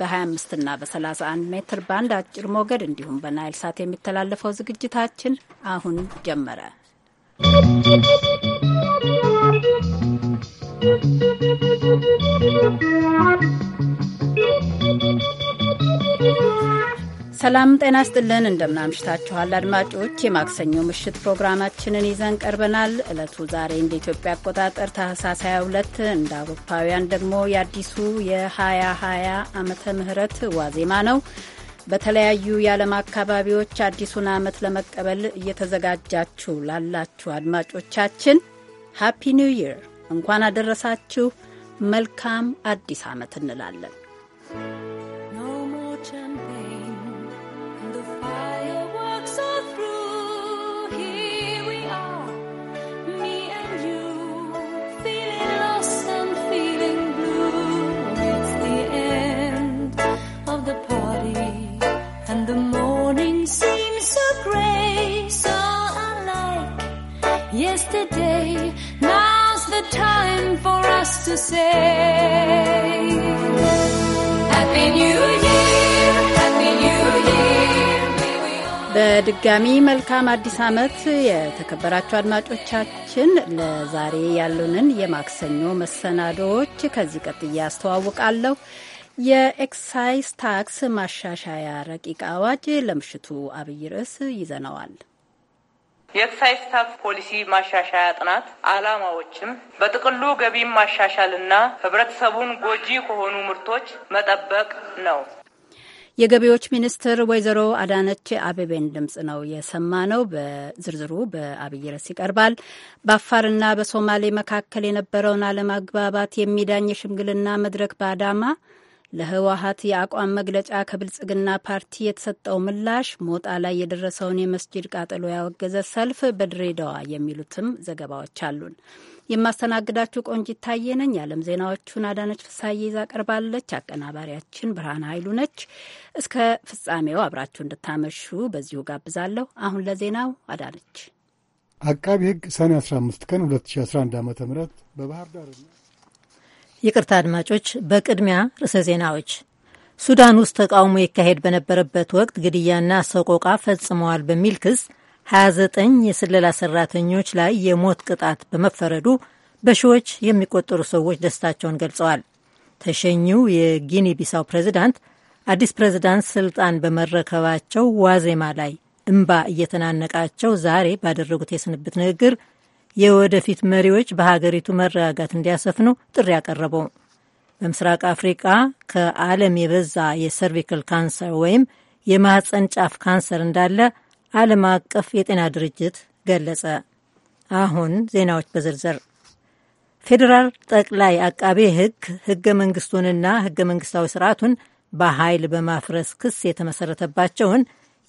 በ25 እና በ31 ሜትር ባንድ አጭር ሞገድ እንዲሁም በናይል ሳት የሚተላለፈው ዝግጅታችን አሁን ጀመረ። ¶¶ ሰላም ጤና ስጥልን። እንደምናምሽታችኋል አድማጮች፣ የማክሰኞ ምሽት ፕሮግራማችንን ይዘን ቀርበናል። ዕለቱ ዛሬ እንደ ኢትዮጵያ አቆጣጠር ታህሳስ 22 እንደ አውሮፓውያን ደግሞ የአዲሱ የ2020 ዓመተ ምህረት ዋዜማ ነው። በተለያዩ የዓለም አካባቢዎች አዲሱን ዓመት ለመቀበል እየተዘጋጃችሁ ላላችሁ አድማጮቻችን ሃፒ ኒው ይር እንኳን አደረሳችሁ፣ መልካም አዲስ ዓመት እንላለን። yesterday. Now's the time for us to say Happy New Year, በድጋሚ መልካም አዲስ ዓመት የተከበራችሁ አድማጮቻችን። ለዛሬ ያሉንን የማክሰኞ መሰናዶዎች ከዚህ ቀጥዬ አስተዋውቃለሁ። የኤክሳይዝ ታክስ ማሻሻያ ረቂቅ አዋጅ ለምሽቱ አብይ ርዕስ ይዘነዋል። የኤክሳይዝ ታክስ ፖሊሲ ማሻሻያ ጥናት አላማዎችም በጥቅሉ ገቢም ማሻሻልና ህብረተሰቡን ጎጂ ከሆኑ ምርቶች መጠበቅ ነው። የገቢዎች ሚኒስትር ወይዘሮ አዳነች አቤቤን ድምጽ ነው ነው። በዝርዝሩ በአብይ ርዕስ ይቀርባል። በአፋርና በሶማሌ መካከል የነበረውን አለመግባባት የሚዳኝ የሽምግልና መድረክ በአዳማ ለህወሀት የአቋም መግለጫ ከብልጽግና ፓርቲ የተሰጠው ምላሽ፣ ሞጣ ላይ የደረሰውን የመስጂድ ቃጠሎ ያወገዘ ሰልፍ በድሬዳዋ የሚሉትም ዘገባዎች አሉን። የማስተናግዳችሁ ቆንጂት ታዬ ነኝ። የዓለም ዜናዎቹን አዳነች ፍሳዬ ይዛ ቀርባለች። አቀናባሪያችን ብርሃን ኃይሉ ነች። እስከ ፍጻሜው አብራችሁ እንድታመሹ በዚሁ ጋብዛለሁ። አሁን ለዜናው አዳነች። አቃቢ ህግ ሰኔ 15 ቀን 2011 ዓ ም በባህር ዳር ይቅርታ አድማጮች፣ በቅድሚያ ርዕሰ ዜናዎች። ሱዳን ውስጥ ተቃውሞ ይካሄድ በነበረበት ወቅት ግድያና ሰቆቃ ፈጽመዋል በሚል ክስ 29 የስለላ ሰራተኞች ላይ የሞት ቅጣት በመፈረዱ በሺዎች የሚቆጠሩ ሰዎች ደስታቸውን ገልጸዋል። ተሸኚው የጊኒ ቢሳው ፕሬዚዳንት አዲስ ፕሬዚዳንት ስልጣን በመረከባቸው ዋዜማ ላይ እምባ እየተናነቃቸው ዛሬ ባደረጉት የስንብት ንግግር የወደፊት መሪዎች በሀገሪቱ መረጋጋት እንዲያሰፍኑ ጥሪ ያቀረበው። በምስራቅ አፍሪቃ ከዓለም የበዛ የሰርቪክል ካንሰር ወይም የማህፀን ጫፍ ካንሰር እንዳለ ዓለም አቀፍ የጤና ድርጅት ገለጸ። አሁን ዜናዎች በዝርዝር ፌዴራል ጠቅላይ አቃቤ ሕግ ህገ መንግስቱንና ህገ መንግስታዊ ስርዓቱን በኃይል በማፍረስ ክስ የተመሰረተባቸውን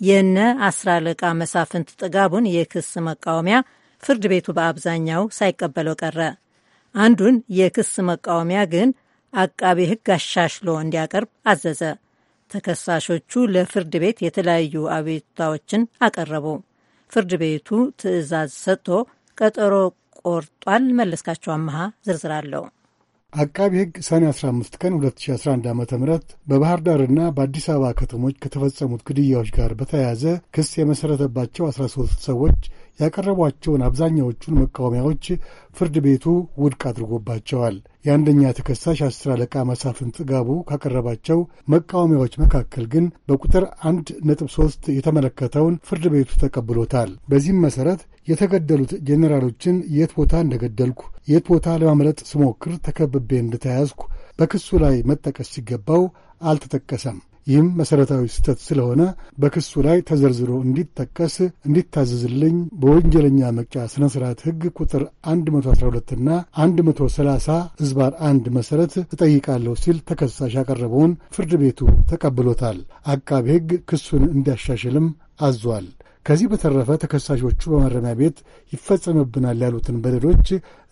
የነ አስር አለቃ መሳፍንት ጥጋቡን የክስ መቃወሚያ ፍርድ ቤቱ በአብዛኛው ሳይቀበለው ቀረ። አንዱን የክስ መቃወሚያ ግን አቃቢ ሕግ አሻሽሎ እንዲያቀርብ አዘዘ። ተከሳሾቹ ለፍርድ ቤት የተለያዩ አቤቱታዎችን አቀረቡ። ፍርድ ቤቱ ትዕዛዝ ሰጥቶ ቀጠሮ ቆርጧል። መለስካቸው አመሃ ዝርዝር አለው። አቃቢ ሕግ ሰኔ 15 ቀን 2011 ዓ ም በባህር ዳርና በአዲስ አበባ ከተሞች ከተፈጸሙት ግድያዎች ጋር በተያያዘ ክስ የመሠረተባቸው 13 ሰዎች ያቀረቧቸውን አብዛኛዎቹን መቃወሚያዎች ፍርድ ቤቱ ውድቅ አድርጎባቸዋል። የአንደኛ ተከሳሽ አስር አለቃ መሳፍንት ጥጋቡ ካቀረባቸው መቃወሚያዎች መካከል ግን በቁጥር አንድ ነጥብ ሶስት የተመለከተውን ፍርድ ቤቱ ተቀብሎታል። በዚህም መሠረት የተገደሉት ጄኔራሎችን የት ቦታ እንደገደልኩ፣ የት ቦታ ለማምለጥ ስሞክር ተከብቤ እንደተያዝኩ በክሱ ላይ መጠቀስ ሲገባው አልተጠቀሰም። ይህም መሠረታዊ ስህተት ስለሆነ በክሱ ላይ ተዘርዝሮ እንዲጠቀስ እንዲታዘዝልኝ በወንጀለኛ መቅጫ ሥነ ሥርዓት ሕግ ቁጥር 112ና 130 ዝባር 1 መሠረት እጠይቃለሁ ሲል ተከሳሽ ያቀረበውን ፍርድ ቤቱ ተቀብሎታል። አቃቤ ሕግ ክሱን እንዲያሻሽልም አዟል። ከዚህ በተረፈ ተከሳሾቹ በማረሚያ ቤት ይፈጸምብናል ያሉትን በደሎች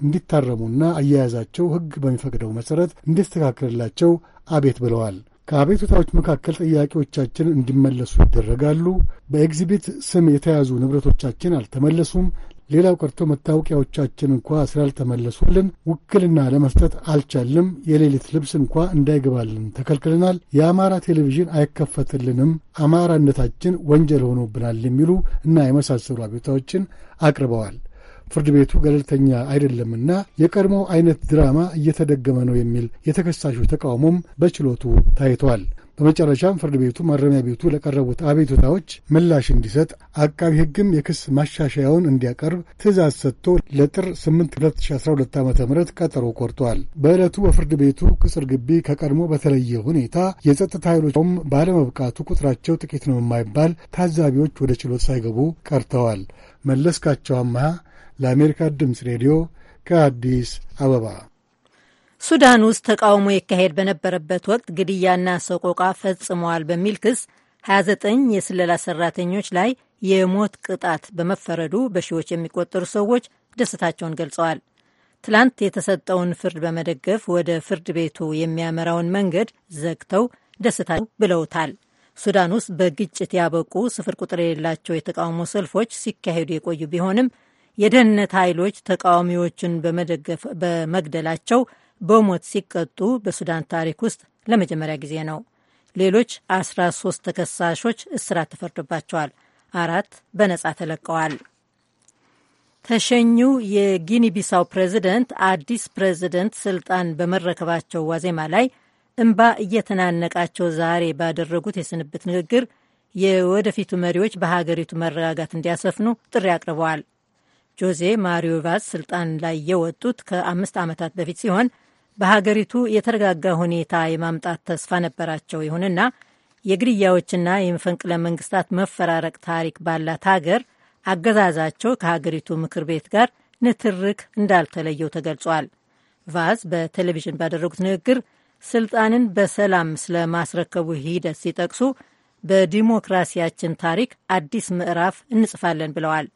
እንዲታረሙና አያያዛቸው ሕግ በሚፈቅደው መሠረት እንዲስተካከልላቸው አቤት ብለዋል። ከአቤቱታዎች መካከል ጥያቄዎቻችን እንዲመለሱ ይደረጋሉ። በኤግዚቢት ስም የተያዙ ንብረቶቻችን አልተመለሱም። ሌላው ቀርቶ መታወቂያዎቻችን እንኳ ስላልተመለሱልን ውክልና ለመስጠት አልቻልም። የሌሊት ልብስ እንኳ እንዳይገባልን ተከልክለናል። የአማራ ቴሌቪዥን አይከፈትልንም፣ አማራነታችን ወንጀል ሆኖብናል የሚሉ እና የመሳሰሉ አቤቱታዎችን አቅርበዋል። ፍርድ ቤቱ ገለልተኛ አይደለምና የቀድሞ አይነት ድራማ እየተደገመ ነው የሚል የተከሳሹ ተቃውሞም በችሎቱ ታይቷል። በመጨረሻም ፍርድ ቤቱ ማረሚያ ቤቱ ለቀረቡት አቤቱታዎች ምላሽ እንዲሰጥ አቃቢ ሕግም የክስ ማሻሻያውን እንዲያቀርብ ትእዛዝ ሰጥቶ ለጥር 8 2012 ዓ ም ቀጠሮ ቆርጧል። በዕለቱ በፍርድ ቤቱ ቅጽር ግቢ ከቀድሞ በተለየ ሁኔታ የጸጥታ ኃይሎችም ባለመብቃቱ ቁጥራቸው ጥቂት ነው የማይባል ታዛቢዎች ወደ ችሎት ሳይገቡ ቀርተዋል። መለስካቸው አመሃ ለአሜሪካ ድምፅ ሬዲዮ ከአዲስ አበባ ሱዳን ውስጥ ተቃውሞ ይካሄድ በነበረበት ወቅት ግድያና ሰቆቃ ፈጽመዋል በሚል ክስ 29 የስለላ ሰራተኞች ላይ የሞት ቅጣት በመፈረዱ በሺዎች የሚቆጠሩ ሰዎች ደስታቸውን ገልጸዋል። ትላንት የተሰጠውን ፍርድ በመደገፍ ወደ ፍርድ ቤቱ የሚያመራውን መንገድ ዘግተው ደስታ ብለውታል። ሱዳን ውስጥ በግጭት ያበቁ ስፍር ቁጥር የሌላቸው የተቃውሞ ሰልፎች ሲካሄዱ የቆዩ ቢሆንም የደህንነት ኃይሎች ተቃዋሚዎችን በመደገፍ በመግደላቸው በሞት ሲቀጡ በሱዳን ታሪክ ውስጥ ለመጀመሪያ ጊዜ ነው። ሌሎች 13 ተከሳሾች እስራት ተፈርዶባቸዋል። አራት በነጻ ተለቀዋል። ተሸኙ የጊኒ ቢሳው ፕሬዚደንት አዲስ ፕሬዚደንት ስልጣን በመረከባቸው ዋዜማ ላይ እምባ እየተናነቃቸው ዛሬ ባደረጉት የስንብት ንግግር የወደፊቱ መሪዎች በሀገሪቱ መረጋጋት እንዲያሰፍኑ ጥሪ አቅርበዋል። ጆዜ ማሪዮ ቫዝ ስልጣን ላይ የወጡት ከአምስት ዓመታት በፊት ሲሆን በሀገሪቱ የተረጋጋ ሁኔታ የማምጣት ተስፋ ነበራቸው። ይሁንና የግድያዎችና የመፈንቅለ መንግስታት መፈራረቅ ታሪክ ባላት ሀገር አገዛዛቸው ከሀገሪቱ ምክር ቤት ጋር ንትርክ እንዳልተለየው ተገልጿል። ቫዝ በቴሌቪዥን ባደረጉት ንግግር ስልጣንን በሰላም ስለማስረከቡ ሂደት ሲጠቅሱ በዲሞክራሲያችን ታሪክ አዲስ ምዕራፍ እንጽፋለን ብለዋል።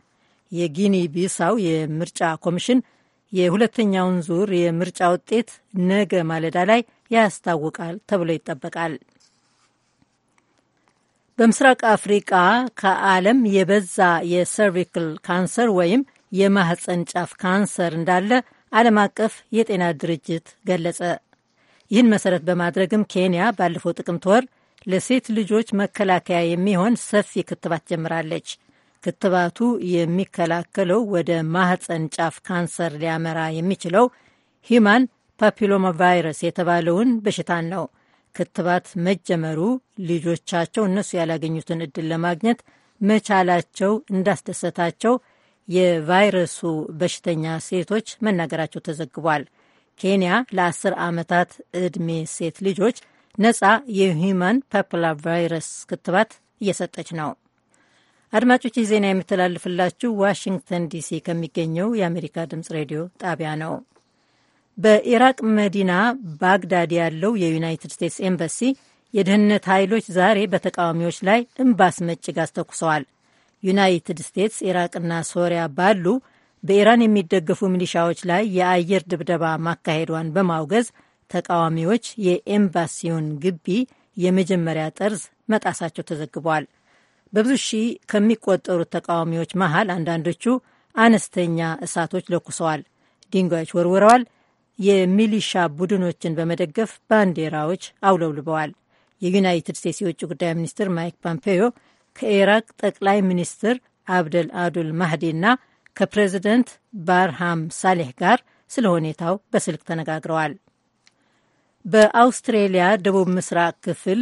የጊኒ ቢሳው የምርጫ ኮሚሽን የሁለተኛውን ዙር የምርጫ ውጤት ነገ ማለዳ ላይ ያስታውቃል ተብሎ ይጠበቃል። በምስራቅ አፍሪቃ ከዓለም የበዛ የሰርቪክል ካንሰር ወይም የማህፀን ጫፍ ካንሰር እንዳለ ዓለም አቀፍ የጤና ድርጅት ገለጸ። ይህን መሰረት በማድረግም ኬንያ ባለፈው ጥቅምት ወር ለሴት ልጆች መከላከያ የሚሆን ሰፊ ክትባት ጀምራለች። ክትባቱ የሚከላከለው ወደ ማህፀን ጫፍ ካንሰር ሊያመራ የሚችለው ሂማን ፓፒሎማ ቫይረስ የተባለውን በሽታን ነው። ክትባት መጀመሩ ልጆቻቸው እነሱ ያላገኙትን እድል ለማግኘት መቻላቸው እንዳስደሰታቸው የቫይረሱ በሽተኛ ሴቶች መናገራቸው ተዘግቧል። ኬንያ ለአስር ዓመታት ዕድሜ ሴት ልጆች ነፃ የሂማን ፓፒላ ቫይረስ ክትባት እየሰጠች ነው። አድማጮች ይህ ዜና የሚተላለፍላችሁ ዋሽንግተን ዲሲ ከሚገኘው የአሜሪካ ድምጽ ሬዲዮ ጣቢያ ነው። በኢራቅ መዲና ባግዳድ ያለው የዩናይትድ ስቴትስ ኤምባሲ የደህንነት ኃይሎች ዛሬ በተቃዋሚዎች ላይ እምባስ አስመጪ ጋዝ ተኩሰዋል። ዩናይትድ ስቴትስ ኢራቅና ሶሪያ ባሉ በኢራን የሚደገፉ ሚሊሻዎች ላይ የአየር ድብደባ ማካሄዷን በማውገዝ ተቃዋሚዎች የኤምባሲውን ግቢ የመጀመሪያ ጠርዝ መጣሳቸው ተዘግቧል። በብዙ ሺህ ከሚቆጠሩት ተቃዋሚዎች መሃል አንዳንዶቹ አነስተኛ እሳቶች ለኩሰዋል፣ ድንጋዮች ወርውረዋል፣ የሚሊሻ ቡድኖችን በመደገፍ ባንዲራዎች አውለብልበዋል። የዩናይትድ ስቴትስ የውጭ ጉዳይ ሚኒስትር ማይክ ፖምፔዮ ከኢራቅ ጠቅላይ ሚኒስትር አብደል አዱል እና ከፕሬዚደንት ባርሃም ሳሌህ ጋር ስለ ሁኔታው በስልክ ተነጋግረዋል። በአውስትሬሊያ ደቡብ ምስራቅ ክፍል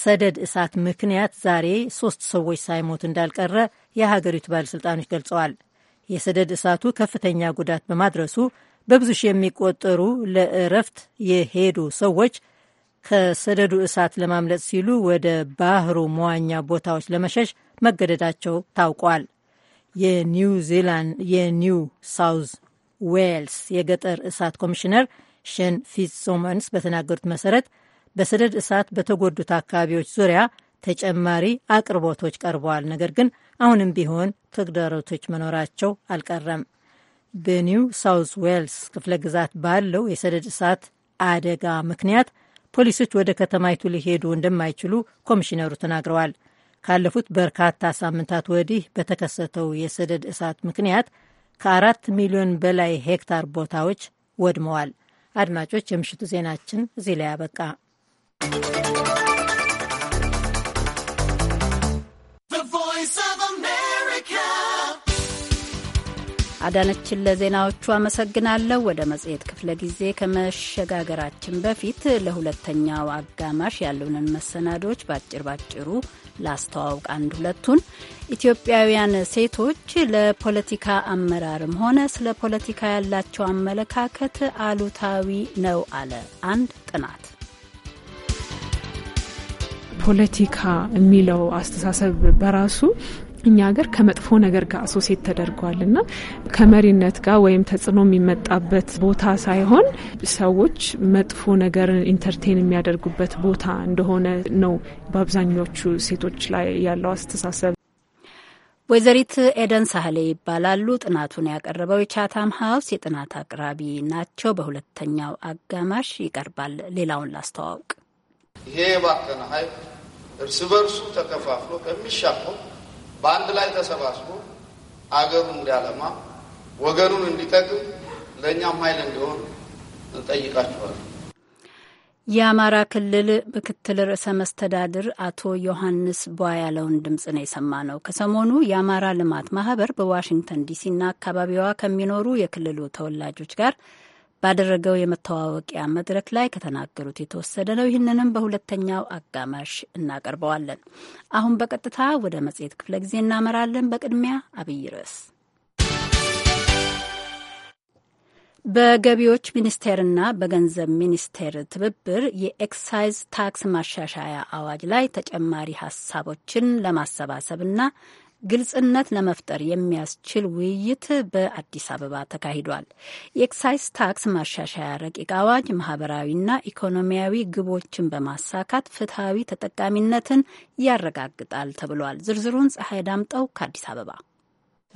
ሰደድ እሳት ምክንያት ዛሬ ሶስት ሰዎች ሳይሞት እንዳልቀረ የሀገሪቱ ባለሥልጣኖች ገልጸዋል። የሰደድ እሳቱ ከፍተኛ ጉዳት በማድረሱ በብዙ ሺህ የሚቆጠሩ ለእረፍት የሄዱ ሰዎች ከሰደዱ እሳት ለማምለጥ ሲሉ ወደ ባህሩ መዋኛ ቦታዎች ለመሸሽ መገደዳቸው ታውቋል። የኒው ዚላንድ የኒው ሳውዝ ዌልስ የገጠር እሳት ኮሚሽነር ሸን ፊትዞመንስ በተናገሩት መሰረት በሰደድ እሳት በተጎዱት አካባቢዎች ዙሪያ ተጨማሪ አቅርቦቶች ቀርበዋል። ነገር ግን አሁንም ቢሆን ተግዳሮቶች መኖራቸው አልቀረም። በኒው ሳውዝ ዌልስ ክፍለ ግዛት ባለው የሰደድ እሳት አደጋ ምክንያት ፖሊሶች ወደ ከተማይቱ ሊሄዱ እንደማይችሉ ኮሚሽነሩ ተናግረዋል። ካለፉት በርካታ ሳምንታት ወዲህ በተከሰተው የሰደድ እሳት ምክንያት ከአራት ሚሊዮን በላይ ሄክታር ቦታዎች ወድመዋል። አድማጮች፣ የምሽቱ ዜናችን እዚህ ላይ አበቃ። አዳነችን ለዜናዎቹ አመሰግናለሁ። ወደ መጽሔት ክፍለ ጊዜ ከመሸጋገራችን በፊት ለሁለተኛው አጋማሽ ያሉንን መሰናዶች ባጭር ባጭሩ ላስተዋውቅ አንድ ሁለቱን። ኢትዮጵያውያን ሴቶች ለፖለቲካ አመራርም ሆነ ስለ ፖለቲካ ያላቸው አመለካከት አሉታዊ ነው አለ አንድ ጥናት። ፖለቲካ የሚለው አስተሳሰብ በራሱ እኛ ሀገር ከመጥፎ ነገር ጋር አሶሴት ተደርጓል እና ከመሪነት ጋር ወይም ተጽዕኖ የሚመጣበት ቦታ ሳይሆን ሰዎች መጥፎ ነገር ኢንተርቴን የሚያደርጉበት ቦታ እንደሆነ ነው በአብዛኞቹ ሴቶች ላይ ያለው አስተሳሰብ። ወይዘሪት ኤደን ሳህሌ ይባላሉ። ጥናቱን ያቀረበው የቻታም ሀውስ የጥናት አቅራቢ ናቸው። በሁለተኛው አጋማሽ ይቀርባል። ሌላውን ላስተዋውቅ። ይሄ የባከነ ኃይል እርስ በርሱ ተከፋፍሎ ከሚሻፈው በአንድ ላይ ተሰባስቦ አገሩን እንዲያለማ ወገኑን እንዲጠቅም ለእኛም ኃይል እንዲሆን እንጠይቃቸዋለን። የአማራ ክልል ምክትል ርዕሰ መስተዳድር አቶ ዮሐንስ ቧ ያለውን ድምፅ ነው ነው። ከሰሞኑ የአማራ ልማት ማህበር በዋሽንግተን ዲሲና አካባቢዋ ከሚኖሩ የክልሉ ተወላጆች ጋር ባደረገው የመተዋወቂያ መድረክ ላይ ከተናገሩት የተወሰደ ነው። ይህንንም በሁለተኛው አጋማሽ እናቀርበዋለን። አሁን በቀጥታ ወደ መጽሔት ክፍለ ጊዜ እናመራለን። በቅድሚያ አብይ ርዕስ በገቢዎች ሚኒስቴርና በገንዘብ ሚኒስቴር ትብብር የኤክሳይዝ ታክስ ማሻሻያ አዋጅ ላይ ተጨማሪ ሀሳቦችን ለማሰባሰብና ግልጽነት ለመፍጠር የሚያስችል ውይይት በአዲስ አበባ ተካሂዷል። የኤክሳይዝ ታክስ ማሻሻያ ረቂቅ አዋጅ ማህበራዊና ኢኮኖሚያዊ ግቦችን በማሳካት ፍትሐዊ ተጠቃሚነትን ያረጋግጣል ተብሏል። ዝርዝሩን ፀሐይ ዳምጠው ከአዲስ አበባ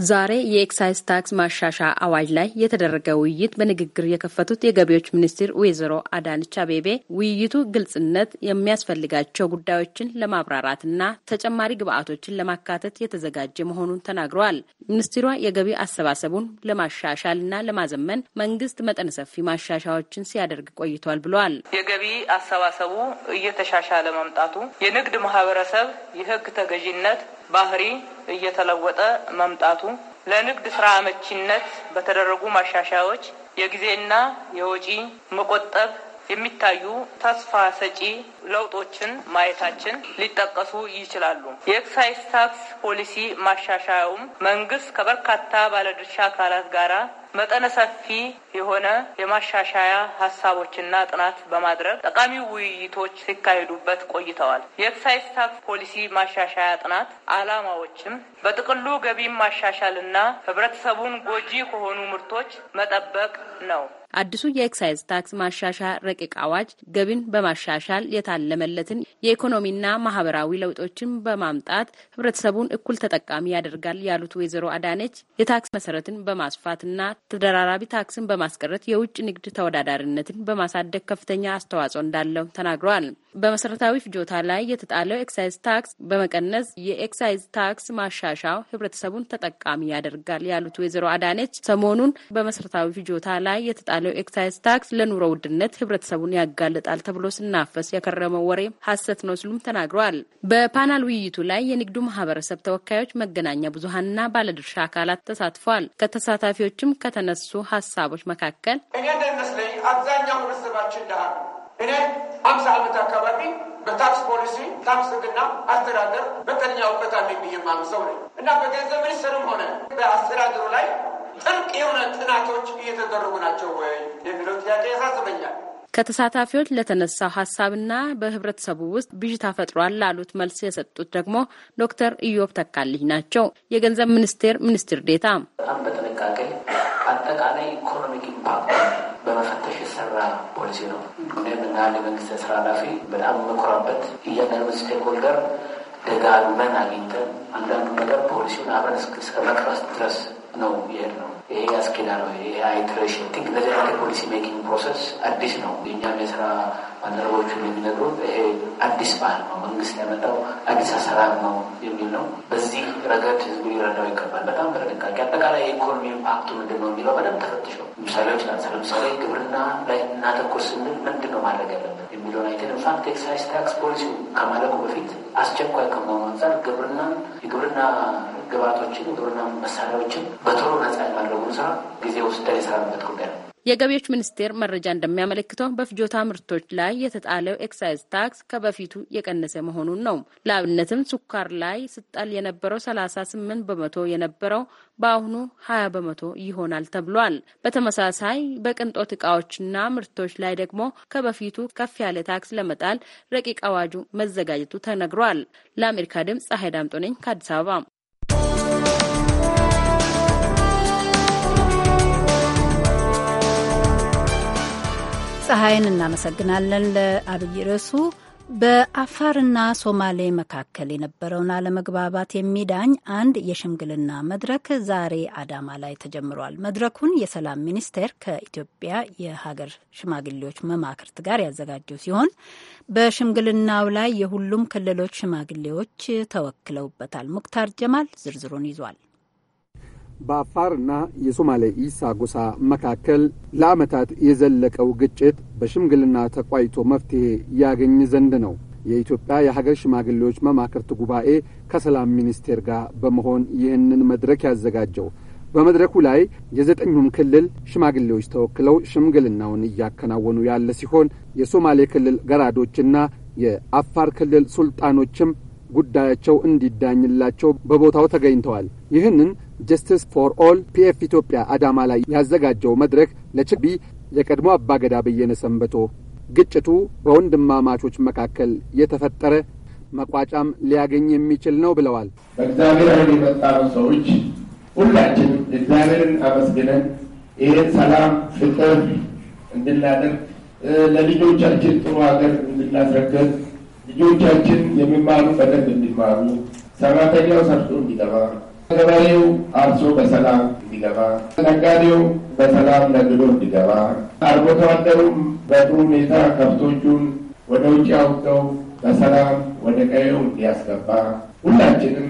ዛሬ የኤክሳይዝ ታክስ ማሻሻ አዋጅ ላይ የተደረገ ውይይት በንግግር የከፈቱት የገቢዎች ሚኒስትር ወይዘሮ አዳነች አቤቤ ውይይቱ ግልጽነት የሚያስፈልጋቸው ጉዳዮችን ለማብራራትና ተጨማሪ ግብአቶችን ለማካተት የተዘጋጀ መሆኑን ተናግረዋል። ሚኒስትሯ የገቢ አሰባሰቡን ለማሻሻልና ለማዘመን መንግስት መጠነ ሰፊ ማሻሻዎችን ሲያደርግ ቆይቷል ብለዋል። የገቢ አሰባሰቡ እየተሻሻለ መምጣቱ የንግድ ማህበረሰብ የህግ ተገዥነት ባህሪ እየተለወጠ መምጣቱ ለንግድ ስራ አመቺነት በተደረጉ ማሻሻያዎች የጊዜና የወጪ መቆጠብ የሚታዩ ተስፋ ሰጪ ለውጦችን ማየታችን ሊጠቀሱ ይችላሉ። የኤክሳይዝ ታክስ ፖሊሲ ማሻሻያውም መንግስት ከበርካታ ባለድርሻ አካላት ጋራ መጠነ ሰፊ የሆነ የማሻሻያ ሀሳቦችና ጥናት በማድረግ ጠቃሚ ውይይቶች ሲካሄዱበት ቆይተዋል። የኤክሳይዝ ታክስ ፖሊሲ ማሻሻያ ጥናት አላማዎችም በጥቅሉ ገቢም ማሻሻልና ህብረተሰቡን ጎጂ ከሆኑ ምርቶች መጠበቅ ነው። አዲሱ የኤክሳይዝ ታክስ ማሻሻያ ረቂቅ አዋጅ ገቢን በማሻሻል የታለመለትን የኢኮኖሚና ማህበራዊ ለውጦችን በማምጣት ህብረተሰቡን እኩል ተጠቃሚ ያደርጋል ያሉት ወይዘሮ አዳነች የታክስ መሰረትን በማስፋትና ተደራራቢ ታክስን በማስቀረት የውጭ ንግድ ተወዳዳሪነትን በማሳደግ ከፍተኛ አስተዋጽኦ እንዳለው ተናግረዋል። በመሰረታዊ ፍጆታ ላይ የተጣለው ኤክሳይዝ ታክስ በመቀነስ የኤክሳይዝ ታክስ ማሻሻው ህብረተሰቡን ተጠቃሚ ያደርጋል ያሉት ወይዘሮ አዳነች ሰሞኑን በመሰረታዊ ፍጆታ ላይ የተጣለው ኤክሳይዝ ታክስ ለኑሮ ውድነት ህብረተሰቡን ያጋልጣል ተብሎ ስናፈስ የከረመው ወሬ ሀሰት ነው ሲሉም ተናግረዋል። በፓናል ውይይቱ ላይ የንግዱ ማህበረሰብ ተወካዮች፣ መገናኛ ብዙሀንና ባለድርሻ አካላት ተሳትፏል። ከተሳታፊዎችም ከተነሱ ሀሳቦች መካከል እኔ እንደሚመስለኝ አብዛኛው ህብረተሰባችን ድሃ ነው። እኔ አምሳ ዓመት አካባቢ በታክስ ፖሊሲ ታክስ ሕግና አስተዳደር መጠነኛ እውቀት አለኝ ብዬ የማምን ሰው ነኝ እና በገንዘብ ሚኒስትርም ሆነ በአስተዳደሩ ላይ ጥልቅ የሆነ ጥናቶች እየተደረጉ ናቸው ወይ የሚለው ጥያቄ ያሳስበኛል። ከተሳታፊዎች ለተነሳው ሀሳብና በህብረተሰቡ ውስጥ ብዥታ ፈጥሯል ላሉት መልስ የሰጡት ደግሞ ዶክተር ኢዮብ ተካልኝ ናቸው። የገንዘብ ሚኒስቴር ሚኒስትር ዴታ በጣም በጥንቃቄ አጠቃላይ ኢኮኖሚክ ኢምፓክት በመፈተሽ የተሰራ ፖሊሲ ነው። ምክንያት እና አንድ መንግስት ስራ ኃላፊ በጣም መኩራበት እያንዳንዱ ስቴክ ሆልደር ደጋግመን አግኝተን አንዳንዱ ነገር ፖሊሲውን አብረን እስከ መቅረስ ድረስ ነው ይሄድ ነው ይሄ ያስኬዳል ነው። ይሄ አይትሬሽን ቲንክ እንደዚህ አይነት ፖሊሲ ሜኪንግ ፕሮሰስ አዲስ ነው። የእኛም የስራ ባልደረቦቹን የሚነግሩ ይሄ አዲስ ባህል ነው፣ መንግስት ያመጣው አዲስ አሰራር ነው የሚል ነው። በዚህ ረገድ ህዝቡ ሊረዳው ይገባል። በጣም በጥንቃቄ አጠቃላይ የኢኮኖሚ ኢምፓክቱ ምንድን ነው የሚለው በደንብ ተፈትሾ ምሳሌዎች ናቸው። ለምሳሌ ግብርና ላይ እናተኮር ስንል ምንድን ነው ማድረግ ያለበት የሚለውን አይተን ኢንፋክት ኤክሳይዝ ታክስ ፖሊሲ ከማለቁ በፊት አስቸኳይ ከመሆኑ አንጻር ግብርናን የግብርና ግብዓቶችን፣ ግብርና መሳሪያዎችን በቶሎ ነጻ የማድረጉን ስራ ጊዜ ውስጥ የሰራበት ጉዳይ ነው። የገቢዎች ሚኒስቴር መረጃ እንደሚያመለክተው በፍጆታ ምርቶች ላይ የተጣለው ኤክሳይዝ ታክስ ከበፊቱ የቀነሰ መሆኑን ነው። ለአብነትም ሱካር ላይ ስጣል የነበረው 38 በመቶ የነበረው በአሁኑ 20 በመቶ ይሆናል ተብሏል። በተመሳሳይ በቅንጦት እቃዎችና ምርቶች ላይ ደግሞ ከበፊቱ ከፍ ያለ ታክስ ለመጣል ረቂቅ አዋጁ መዘጋጀቱ ተነግሯል። ለአሜሪካ ድምፅ ፀሐይ ዳምጦ ነኝ ከአዲስ አበባ ፀሐይን እናመሰግናለን ለአብይ ርዕሱ። በአፋርና ሶማሌ መካከል የነበረውን አለመግባባት የሚዳኝ አንድ የሽምግልና መድረክ ዛሬ አዳማ ላይ ተጀምሯል። መድረኩን የሰላም ሚኒስቴር ከኢትዮጵያ የሀገር ሽማግሌዎች መማክርት ጋር ያዘጋጀው ሲሆን በሽምግልናው ላይ የሁሉም ክልሎች ሽማግሌዎች ተወክለውበታል። ሙክታር ጀማል ዝርዝሩን ይዟል። በአፋርና የሶማሌ ኢሳ ጎሳ መካከል ለዓመታት የዘለቀው ግጭት በሽምግልና ተቋይቶ መፍትሄ ያገኝ ዘንድ ነው የኢትዮጵያ የሀገር ሽማግሌዎች መማክርት ጉባኤ ከሰላም ሚኒስቴር ጋር በመሆን ይህንን መድረክ ያዘጋጀው። በመድረኩ ላይ የዘጠኙም ክልል ሽማግሌዎች ተወክለው ሽምግልናውን እያከናወኑ ያለ ሲሆን የሶማሌ ክልል ገራዶችና የአፋር ክልል ሱልጣኖችም ጉዳያቸው እንዲዳኝላቸው በቦታው ተገኝተዋል። ይህንን ጀስትስ ፎር ኦል ፒኤፍ ኢትዮጵያ አዳማ ላይ ያዘጋጀው መድረክ ለችቢ የቀድሞ አባገዳ በየነ ሰንበቶ ግጭቱ በወንድማማቾች መካከል የተፈጠረ መቋጫም ሊያገኝ የሚችል ነው ብለዋል። በእግዚአብሔር ኃይል የመጣኑ ሰዎች ሁላችን እግዚአብሔርን አመስግነን ይህን ሰላም፣ ፍቅር እንድናደርግ ለልጆቻችን ጥሩ ሀገር እንድናስረከብ ልጆቻችን የሚማሩ በደንብ እንዲማሩ ሰራተኛው ሰርቶ እንዲገባ ገበሬው አርሶ በሰላም እንዲገባ፣ ነጋዴው በሰላም ነግዶ እንዲገባ፣ አርብቶ አደሩም በጥሩ ሁኔታ ከብቶቹን ወደ ውጭ አውጥተው በሰላም ወደ ቀዬው እንዲያስገባ ሁላችንም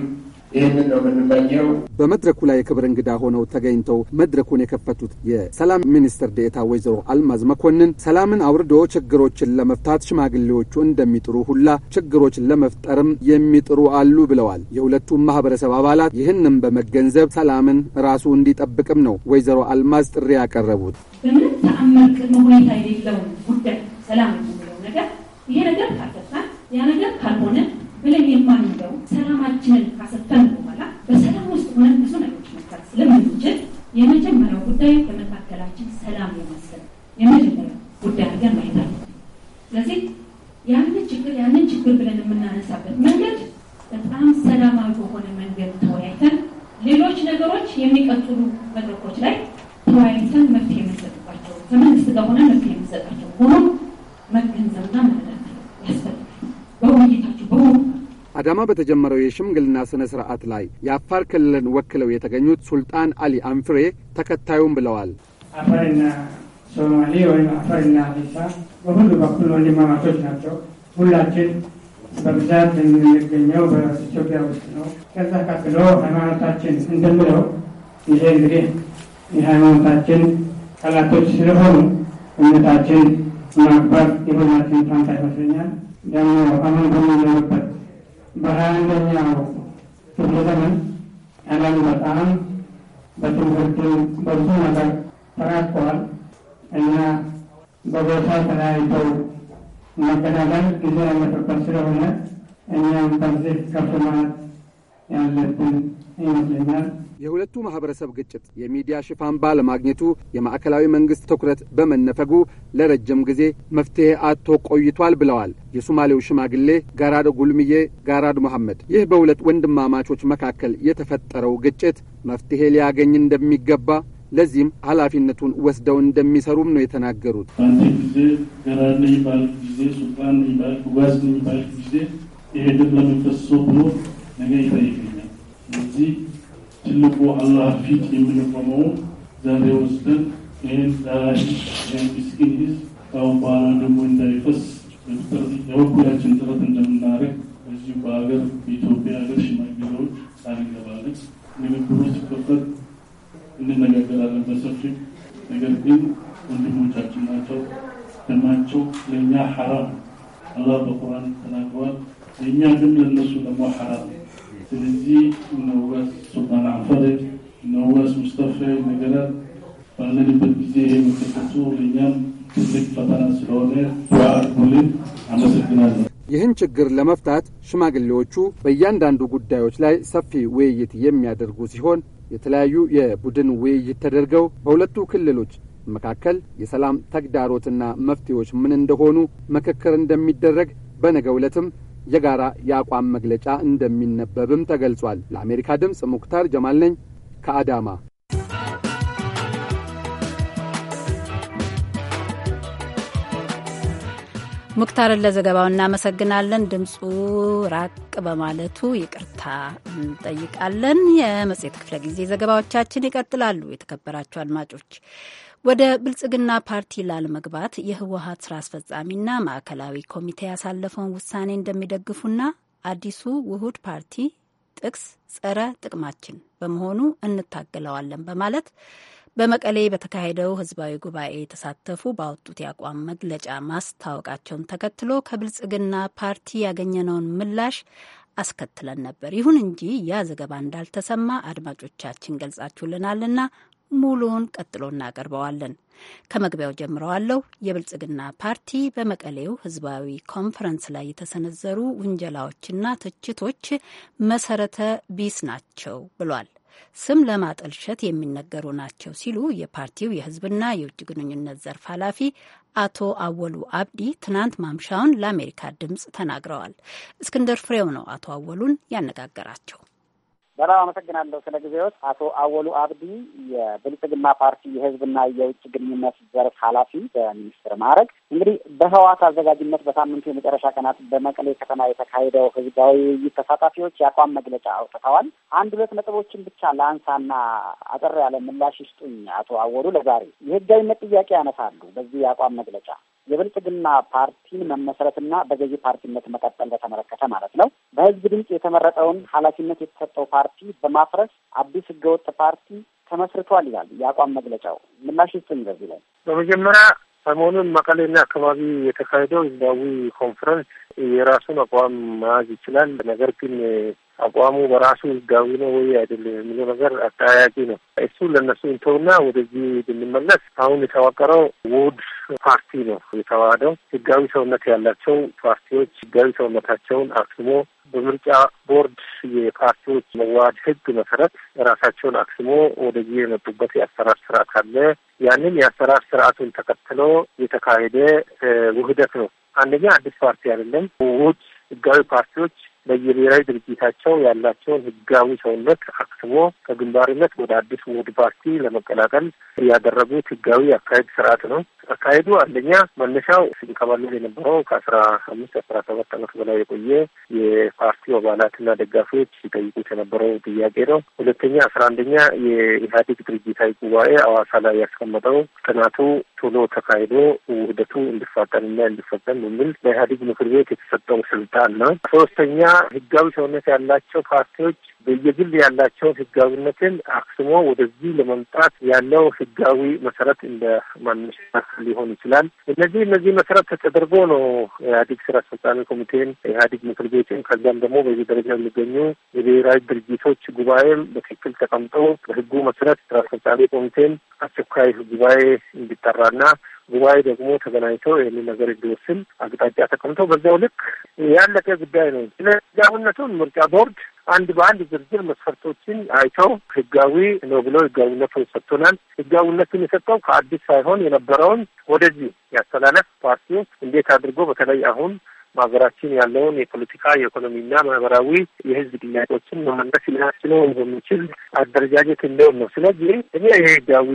ይህንን ነው የምንመኘው። በመድረኩ ላይ የክብር እንግዳ ሆነው ተገኝተው መድረኩን የከፈቱት የሰላም ሚኒስትር ዴኤታ ወይዘሮ አልማዝ መኮንን ሰላምን አውርዶ ችግሮችን ለመፍታት ሽማግሌዎቹ እንደሚጥሩ ሁላ ችግሮችን ለመፍጠርም የሚጥሩ አሉ ብለዋል። የሁለቱም ማህበረሰብ አባላት ይህንም በመገንዘብ ሰላምን ራሱ እንዲጠብቅም ነው ወይዘሮ አልማዝ ጥሪ ያቀረቡት። በምንም ተአምር ቅድመ ሁኔታ የሌለውን ጉዳይ ሰላም የሚለው ነገር ይሄ ነገር ካልፈታ ያ ነገር ካልሆነ ብለን የማንለው ሰላማችንን ካሰፈን በኋላ በሰላም ውስጥ ሆነን ብዙ ነገሮች መስራት ስለምንችል የመጀመሪያው ጉዳይ በመካከላችን ሰላም የማስፈን የመጀመሪያው ጉዳይ አድርገን ማየት አለ። ስለዚህ ያንን ችግር ያንን ችግር ብለን የምናነሳበት መንገድ በጣም ሰላማዊ በሆነ መንገድ ተወያይተን ሌሎች ነገሮች የሚቀጥሉ መድረኮች ላይ ተወያይተን መፍትሄ የምንሰጥባቸው ከመንግስት ጋር ሆነ መፍትሄ የምንሰጣቸው ሆኖ መገንዘብና መረዳት ያስፈልጋል። አዳማ በተጀመረው የሽምግልና ስነ ስርዓት ላይ የአፋር ክልልን ወክለው የተገኙት ሱልጣን አሊ አንፍሬ ተከታዩም ብለዋል። አፋርና ሶማሌ ወይም አፋርና ሀዲሳ በሁሉ በኩል ወንድማማቾች ናቸው። ሁላችን በብዛት የምንገኘው በኢትዮጵያ ውስጥ ነው። ከዛ ቀጥሎ ሃይማኖታችን እንደምለው ይሄ እንግዲህ የሃይማኖታችን ጠላቶች ስለሆኑ እምነታችን ማክበር የሁላችን ፋንታ ይመስለኛል። ደግሞ አሁን በምንኖርበት በሀያ አንደኛው ክፍለ ዘመን ዓለም በጣም በትምህርት በብዙ ነገር ተራቋል እና በቦታ ተለያይተው መገዳደል ጊዜ ያለፈበት ስለሆነ እኛም በዚህ ከፍማት ያለብን ይመስለኛል። የሁለቱ ማህበረሰብ ግጭት የሚዲያ ሽፋን ባለማግኘቱ የማዕከላዊ መንግስት ትኩረት በመነፈጉ ለረጅም ጊዜ መፍትሄ አጥቶ ቆይቷል ብለዋል የሶማሌው ሽማግሌ ጋራድ ጉልምዬ ጋራድ መሐመድ። ይህ በሁለት ወንድማማቾች መካከል የተፈጠረው ግጭት መፍትሄ ሊያገኝ እንደሚገባ ለዚህም ኃላፊነቱን ወስደው እንደሚሰሩም ነው የተናገሩት። ጊዜ ጊዜ ሱልጣን ጓዝ ጊዜ ይሄ ደም ለሚፈሰው ብሎ ነገ ይጠይቀኛል እዚህ ትልቁ አላህ ፊት የምንቆመው ዛሬ ወስደን ይህን ዳራሽ ምስኪን ህዝብ ካሁን በኋላ ደግሞ እንዳይፈስ የበኩላችን ጥረት እንደምናደርግ በዚሁ በሀገር በኢትዮጵያ ሀገር ሽማግሌዎች ቃል እንገባለን። ንግግሩ ሲከፈት እንነጋገራለን በሰፊ ነገር ግን ወንድሞቻችን ናቸው። ደማቸው ለእኛ ሐራም አላህ በቁርአን ተናግሯል። ለእኛ ግን ለእነሱ ደግሞ ሐራም ስለዚህ ሱልጣን ባለንበት ጊዜ የመከሰቱ ለእኛም ትልቅ ፈተና ስለሆነ አመሰግናለሁ። ይህን ችግር ለመፍታት ሽማግሌዎቹ በእያንዳንዱ ጉዳዮች ላይ ሰፊ ውይይት የሚያደርጉ ሲሆን የተለያዩ የቡድን ውይይት ተደርገው በሁለቱ ክልሎች መካከል የሰላም ተግዳሮትና መፍትሄዎች ምን እንደሆኑ ምክክር እንደሚደረግ በነገ ዕለትም የጋራ የአቋም መግለጫ እንደሚነበብም ተገልጿል። ለአሜሪካ ድምፅ ሙክታር ጀማል ነኝ ከአዳማ። ሙክታርን ለዘገባው እናመሰግናለን። ድምፁ ራቅ በማለቱ ይቅርታ እንጠይቃለን። የመጽሔት ክፍለ ጊዜ ዘገባዎቻችን ይቀጥላሉ። የተከበራችሁ አድማጮች ወደ ብልጽግና ፓርቲ ላለመግባት የህወሀት ስራ አስፈጻሚና ማዕከላዊ ኮሚቴ ያሳለፈውን ውሳኔ እንደሚደግፉና አዲሱ ውሁድ ፓርቲ ጥቅስ ጸረ ጥቅማችን በመሆኑ እንታገለዋለን በማለት በመቀሌ በተካሄደው ህዝባዊ ጉባኤ የተሳተፉ ባወጡት የአቋም መግለጫ ማስታወቃቸውን ተከትሎ ከብልጽግና ፓርቲ ያገኘነውን ምላሽ አስከትለን ነበር። ይሁን እንጂ ያ ዘገባ እንዳልተሰማ አድማጮቻችን ገልጻችሁልናልና ሙሉውን ቀጥሎ እናቀርበዋለን። ከመግቢያው ጀምረዋለሁ። የብልጽግና ፓርቲ በመቀሌው ህዝባዊ ኮንፈረንስ ላይ የተሰነዘሩ ውንጀላዎችና ትችቶች መሰረተ ቢስ ናቸው ብሏል። ስም ለማጠልሸት የሚነገሩ ናቸው ሲሉ የፓርቲው የህዝብና የውጭ ግንኙነት ዘርፍ ኃላፊ አቶ አወሉ አብዲ ትናንት ማምሻውን ለአሜሪካ ድምፅ ተናግረዋል። እስክንደር ፍሬው ነው አቶ አወሉን ያነጋገራቸው። በጣም አመሰግናለሁ ስለ ጊዜዎት። አቶ አወሉ አብዲ የብልጽግና ፓርቲ የህዝብና የውጭ ግንኙነት ዘርፍ ኃላፊ በሚኒስትር ማዕረግ። እንግዲህ በህዋት አዘጋጅነት በሳምንቱ የመጨረሻ ቀናት በመቀሌ ከተማ የተካሄደው ህዝባዊ ውይይት ተሳታፊዎች የአቋም መግለጫ አውጥተዋል። አንድ ሁለት ነጥቦችን ብቻ ለአንሳና አጠር ያለ ምላሽ ይስጡኝ። አቶ አወሉ ለዛሬ የህጋዊነት ጥያቄ ያነሳሉ። በዚህ የአቋም መግለጫ የብልጽግና ፓርቲን መመስረትና በገዢ ፓርቲነት መቀጠል በተመለከተ ማለት ነው። በህዝብ ድምፅ የተመረጠውን ኃላፊነት የተሰጠው ፓርቲ ፓርቲ በማፍረስ አዲስ ህገወጥ ፓርቲ ተመስርቷል ይላል የአቋም መግለጫው። ምላሽ ይስጥን በዚህ ላይ በመጀመሪያ ሰሞኑን መቀሌና አካባቢ የተካሄደው ህዝባዊ ኮንፈረንስ የራሱን አቋም መያዝ ይችላል። ነገር ግን አቋሙ በራሱ ህጋዊ ነው ወይ አይደለም የሚለው ነገር አጠያያቂ ነው። እሱ ለእነሱ እንተውና ወደዚህ ብንመለስ አሁን የተዋቀረው ውድ ፓርቲ ነው የተዋህደው። ህጋዊ ሰውነት ያላቸው ፓርቲዎች ህጋዊ ሰውነታቸውን አክስሞ በምርጫ ቦርድ የፓርቲዎች መዋድ ህግ መሰረት ራሳቸውን አክስሞ ወደዚህ የመጡበት የአሰራር ስርዓት አለ። ያንን የአሰራር ስርዓቱን ተከትሎ የተካሄደ ውህደት ነው። አንደኛ አዲስ ፓርቲ አይደለም። ውድ ህጋዊ ፓርቲዎች በየብሔራዊ ድርጅታቸው ያላቸውን ህጋዊ ሰውነት አክስቦ ከግንባርነት ወደ አዲስ ውህድ ፓርቲ ለመቀላቀል ያደረጉት ህጋዊ አካሄድ ስርዓት ነው። አካሄዱ አንደኛ መነሻው ሲንከባለል የነበረው ከአስራ አምስት አስራ ሰባት ዓመት በላይ የቆየ የፓርቲው አባላትና ደጋፊዎች ሲጠይቁት የነበረው ጥያቄ ነው። ሁለተኛ አስራ አንደኛ የኢህአዴግ ድርጅታዊ ጉባኤ አዋሳ ላይ ያስቀመጠው ጥናቱ ቶሎ ተካሂዶ ውህደቱ እንዲፋጠንና እንዲፈጠን በሚል ለኢህአዴግ ምክር ቤት የተሰጠው ስልጣን ነው። ሶስተኛ ህጋዊ ሰውነት ያላቸው ፓርቲዎች በየግል ያላቸውን ህጋዊነትን አክስሞ ወደዚህ ለመምጣት ያለው ህጋዊ መሰረት እንደ ማንሻ ሊሆን ይችላል። እነዚህ እነዚህ መሰረት ተደርጎ ነው ኢህአዴግ ስራ አስፈጻሚ ኮሚቴን ኢህአዴግ ምክር ቤትን ከዚያም ደግሞ በዚህ ደረጃ የሚገኙ የብሔራዊ ድርጅቶች ጉባኤም በትክክል ተቀምጠው በህጉ መሰረት ስራ አስፈጻሚ ኮሚቴን አስቸኳይ ጉባኤ እንዲጠራና ጉባኤ ደግሞ ተገናኝተው ይህንን ነገር እንዲወስን አቅጣጫ ተቀምጠው በዚያው ልክ ያለቀ ጉዳይ ነው። ስለ ህጋዊነቱን ምርጫ ቦርድ አንድ በአንድ ዝርዝር መስፈርቶችን አይተው ህጋዊ ነው ብለው ህጋዊነቱን ሰጥቶናል። ህጋዊነቱን የሰጠው ከአዲስ ሳይሆን የነበረውን ወደዚህ ያስተላለፍ ፓርቲዎች እንዴት አድርጎ በተለይ አሁን በሀገራችን ያለውን የፖለቲካ የኢኮኖሚና ማህበራዊ የህዝብ ጥያቄዎችን መመለስ ሊያስችለው የሚችል አደረጃጀት እንደውም ነው። ስለዚህ እኔ የህጋዊ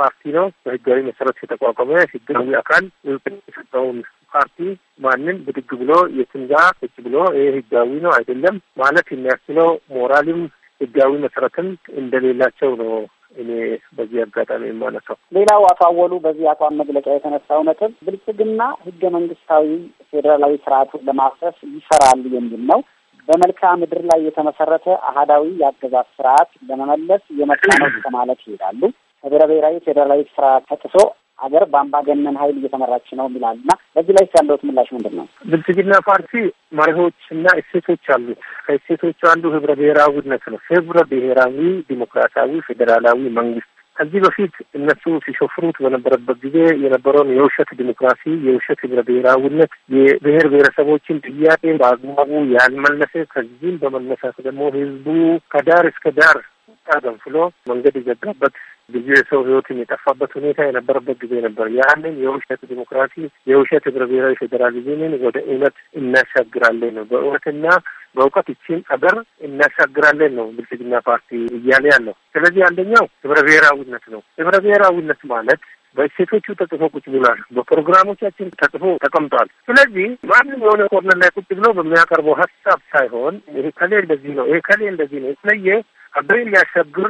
ፓርቲ ነው፣ በህጋዊ መሰረት የተቋቋመ ህጋዊ አካል እውቅና የሰጠውን ፓርቲ ማንም ብድግ ብሎ የትም ህጅ ብሎ ይህ ህጋዊ ነው አይደለም ማለት የሚያስችለው ሞራልም ህጋዊ መሰረትም እንደሌላቸው ነው እኔ በዚህ አጋጣሚ የማነሳው ሌላው አቶ አወሉ በዚህ አቋም መግለጫ የተነሳው ነጥብ ብልጽግና ህገ መንግስታዊ ፌዴራላዊ ስርዓቱን ለማፍረስ ይሰራል የሚል ነው። በመልክዓ ምድር ላይ የተመሰረተ አህዳዊ የአገዛዝ ስርዓት ለመመለስ የመጣ ነው ከማለት ይሄዳሉ። ህብረ ብሔራዊ ፌዴራላዊ ስርዓት ተጥሶ ሀገር በአምባገነን ኃይል እየተመራች ነው ይላል እና በዚህ ላይ ያለውት ምላሽ ምንድን ነው? ብልጽግና ፓርቲ መርሆች እና እሴቶች አሉት። ከእሴቶቹ አንዱ ህብረ ብሔራዊነት ነው። ህብረ ብሔራዊ ዲሞክራሲያዊ ፌዴራላዊ መንግስት ከዚህ በፊት እነሱ ሲሾፍሩት በነበረበት ጊዜ የነበረውን የውሸት ዲሞክራሲ፣ የውሸት ህብረ ብሔራዊነት፣ የብሔር ብሔረሰቦችን ጥያቄ በአግባቡ ያልመለሰ ከዚህም በመነሳት ደግሞ ህዝቡ ከዳር እስከ ዳር ገንፍሎ መንገድ የዘጋበት ብዙ የሰው ህይወትም የጠፋበት ሁኔታ የነበረበት ጊዜ ነበር። ያንን የውሸት ዲሞክራሲ የውሸት ህብረ ብሔራዊ ፌዴራሊዝምን ወደ እውነት እናሻግራለን ነው በእውነትና በእውቀት ይችን አገር እናሻግራለን ነው ብልጽግና ፓርቲ እያለ ያለው። ስለዚህ አንደኛው ህብረ ብሔራዊነት ነው። ህብረ ብሔራዊነት ማለት በሴቶቹ ተጽፎ ቁጭ ብሏል። በፕሮግራሞቻችን ተጽፎ ተቀምጧል። ስለዚህ ማንም የሆነ ኮርነር ላይ ቁጭ ብሎ በሚያቀርበው ሀሳብ ሳይሆን ይሄ ከሌ እንደዚህ ነው፣ ይሄ ከሌ እንደዚህ ነው የተለየ አገሬን ሊያሸግር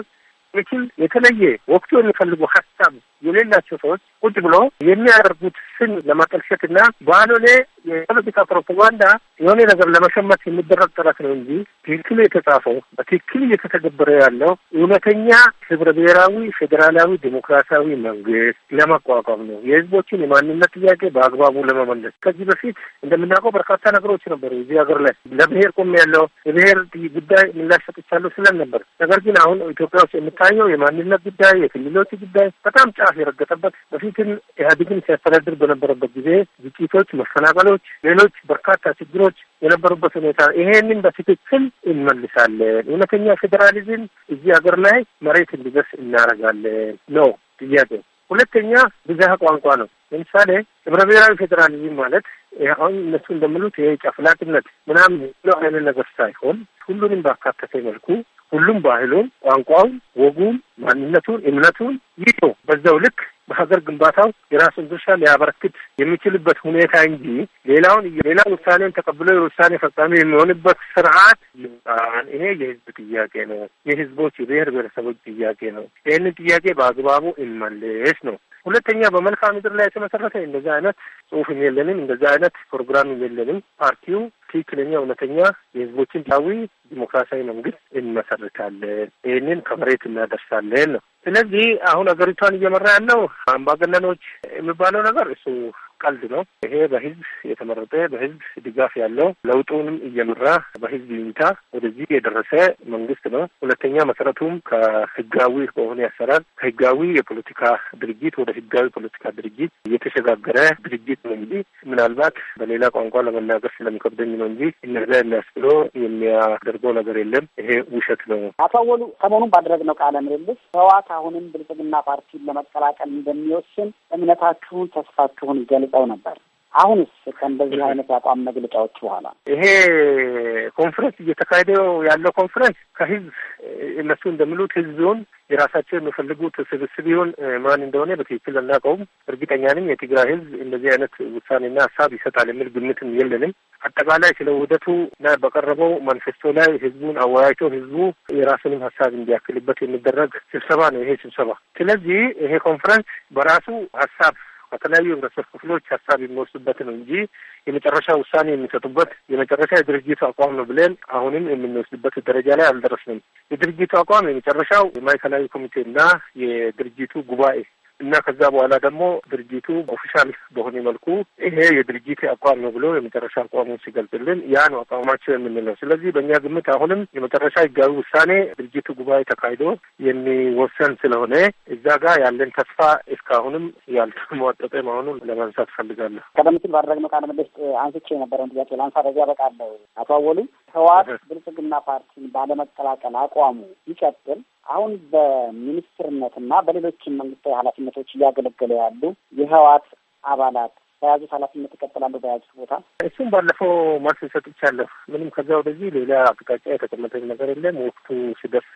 የችን የተለየ ወቅቱ የሚፈልጉ ሀሳብ የሌላቸው ሰዎች ቁጭ ብሎ የሚያደርጉት ስም ለማጠልሸት እና ባሎሌ የፖለቲካ ፕሮፓጋንዳ የሆነ ነገር ለመሸመት የሚደረግ ጥረት ነው እንጂ ትክክል የተጻፈው በትክክል እየተተገበረ ያለው እውነተኛ ህብረ ብሔራዊ ፌዴራላዊ ዲሞክራሲያዊ መንግስት ለመቋቋም ነው። የህዝቦችን የማንነት ጥያቄ በአግባቡ ለመመለስ ከዚህ በፊት እንደምናውቀው በርካታ ነገሮች ነበሩ። እዚህ ሀገር ላይ ለብሔር ቆም ያለው የብሔር ጉዳይ ምላሽ ሰጥቻለሁ ስለን ነበር። ነገር ግን አሁን ኢትዮጵያ ውስጥ የሚታየው የማንነት ጉዳይ፣ የክልሎች ጉዳይ በጣም ጫፍ የረገጠበት በፊትም ኢህአዴግን ሲያስተዳድር በነበረበት ጊዜ ግጭቶች፣ መፈናቀሎች ችግሮች፣ ሌሎች በርካታ ችግሮች የነበሩበት ሁኔታ ይሄንን በትክክል እንመልሳለን። እውነተኛ ፌዴራሊዝም እዚህ ሀገር ላይ መሬት እንዲደርስ እናደርጋለን ነው ጥያቄ። ሁለተኛ ብዝሃ ቋንቋ ነው። ለምሳሌ ህብረ ብሔራዊ ፌዴራሊዝም ማለት አሁን እነሱ እንደምሉት ይሄ ጨፍላቅነት ምናምን ብሎ አይነት ነገር ሳይሆን ሁሉንም ባካተተ መልኩ ሁሉም ባህሉን፣ ቋንቋውን፣ ወጉን፣ ማንነቱን፣ እምነቱን ይቶ በዛው ልክ በሀገር ግንባታው የራሱን ድርሻ ሊያበረክት የሚችልበት ሁኔታ እንጂ ሌላውን ሌላ ውሳኔን ተቀብሎ የውሳኔ ፈጻሚ የሚሆንበት ስርዓት ይምጣን። ይሄ የህዝብ ጥያቄ ነው። የህዝቦች የብሔር ብሔረሰቦች ጥያቄ ነው። ይህንን ጥያቄ በአግባቡ እንመልስ ነው። ሁለተኛ በመልካ ምድር ላይ የተመሰረተ እንደዚ አይነት ጽሁፍም የለንም፣ እንደዚህ አይነት ፕሮግራም የለንም። ፓርቲው ትክክለኛ እውነተኛ የህዝቦችን ዳዊ ዲሞክራሲያዊ መንግስት እንመሰርታለን፣ ይህንን ከመሬት እናደርሳለን ነው። ስለዚህ አሁን ሀገሪቷን እየመራ ያለው አምባገነኖች የሚባለው ነገር እሱ ቀልድ ነው። ይሄ በህዝብ የተመረጠ በህዝብ ድጋፍ ያለው ለውጡንም እየመራ በህዝብ ይሁንታ ወደዚህ የደረሰ መንግስት ነው። ሁለተኛ መሰረቱም ከህጋዊ በሆነ አሰራር ከህጋዊ የፖለቲካ ድርጅት ወደ ህጋዊ ፖለቲካ ድርጅት የተሸጋገረ ድርጅት ነው እንጂ ምናልባት በሌላ ቋንቋ ለመናገር ስለሚከብደኝ ነው እንጂ እነዛ የሚያስብሎ የሚያደርገው ነገር የለም። ይሄ ውሸት ነው። አቶ አወሉ ሰሞኑን ባደረግነው ቃለ ምልልስ ህወሓት አሁንም ብልጽግና ፓርቲን ለመቀላቀል እንደሚወስን እምነታችሁን ተስፋችሁን ይገልጽ ገልጸው ነበር። አሁንስ ከእንደዚህ አይነት አቋም መግለጫዎች በኋላ ይሄ ኮንፈረንስ እየተካሄደው ያለው ኮንፈረንስ ከህዝብ እነሱ እንደሚሉት ህዝቡን የራሳቸው የሚፈልጉት ስብስብ ይሁን ማን እንደሆነ በትክክል አናውቀውም። እርግጠኛ ነኝ የትግራይ ህዝብ እንደዚህ አይነት ውሳኔና ሀሳብ ይሰጣል የሚል ግምትም የለንም። አጠቃላይ ስለ ውህደቱ እና በቀረበው ማኒፌስቶ ላይ ህዝቡን አወያይቶ ህዝቡ የራሱንም ሀሳብ እንዲያክልበት የሚደረግ ስብሰባ ነው ይሄ ስብሰባ። ስለዚህ ይሄ ኮንፈረንስ በራሱ ሀሳብ ከተለያዩ የህብረተሰብ ክፍሎች ሀሳብ የሚወስዱበት ነው እንጂ የመጨረሻ ውሳኔ የሚሰጡበት የመጨረሻ የድርጅቱ አቋም ነው ብለን አሁንም የምንወስድበት ደረጃ ላይ አልደረስንም። የድርጅቱ አቋም የመጨረሻው የማዕከላዊ ኮሚቴና የድርጅቱ ጉባኤ እና ከዛ በኋላ ደግሞ ድርጅቱ ኦፊሻል በሆነ መልኩ ይሄ የድርጅት አቋም ነው ብሎ የመጨረሻ አቋሙን ሲገልጽልን ያ ነው አቋማቸው የምንለው። ስለዚህ በእኛ ግምት አሁንም የመጨረሻ ህጋዊ ውሳኔ ድርጅቱ ጉባኤ ተካሂዶ የሚወሰን ስለሆነ እዛ ጋር ያለን ተስፋ እስካሁንም ያልተሟጠጠ መሆኑን ለማንሳት ፈልጋለሁ። ቀደም ሲል ባደረግነው ቃለ ምልልስ አንስቼ የነበረውን ጥያቄ ለአንሳ በዚያ በቃለው አቶ አወሉ ህወሓት ብልጽግና ፓርቲን ባለመቀላቀል አቋሙ ቢቀጥል አሁን በሚኒስትርነትና በሌሎችም መንግስታዊ ኃላፊነቶች እያገለገለ ያሉ የህወሓት አባላት በያዙት ኃላፊነት እቀጥላለሁ በያዙት ቦታ። እሱም ባለፈው መልስ ሰጥቻለሁ። ምንም ከዛ ወደዚህ ሌላ አቅጣጫ የተቀመጠ ነገር የለም። ወቅቱ ሲደርስ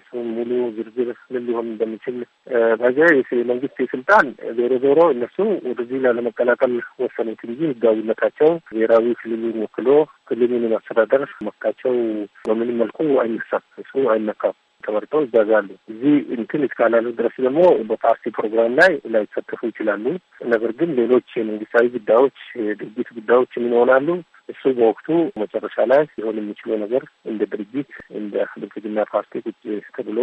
እሱም ሙሉ ዝርዝር ምን ሊሆን እንደሚችል በዚ የመንግስት የስልጣን ዞሮ ዞሮ እነሱ ወደዚህ ላለመቀላቀል ወሰኑት እንጂ ህጋዊነታቸው ብሔራዊ ክልሉን ወክሎ ክልሉን ማስተዳደር መካቸው በምንም መልኩ አይነሳም። እሱ አይነካም። ተመርጠው ይጋዛሉ እዚህ እንትን እስካላሉ ድረስ ደግሞ በፓርቲ ፕሮግራም ላይ ላይሳተፉ ይችላሉ። ነገር ግን ሌሎች የመንግስታዊ ጉዳዮች፣ የድርጅት ጉዳዮች ምን ይሆናሉ? እሱ በወቅቱ መጨረሻ ላይ ሊሆን የሚችለው ነገር እንደ ድርጅት እንደ ብልጽግና ፓርቲ ቁጭ ተብሎ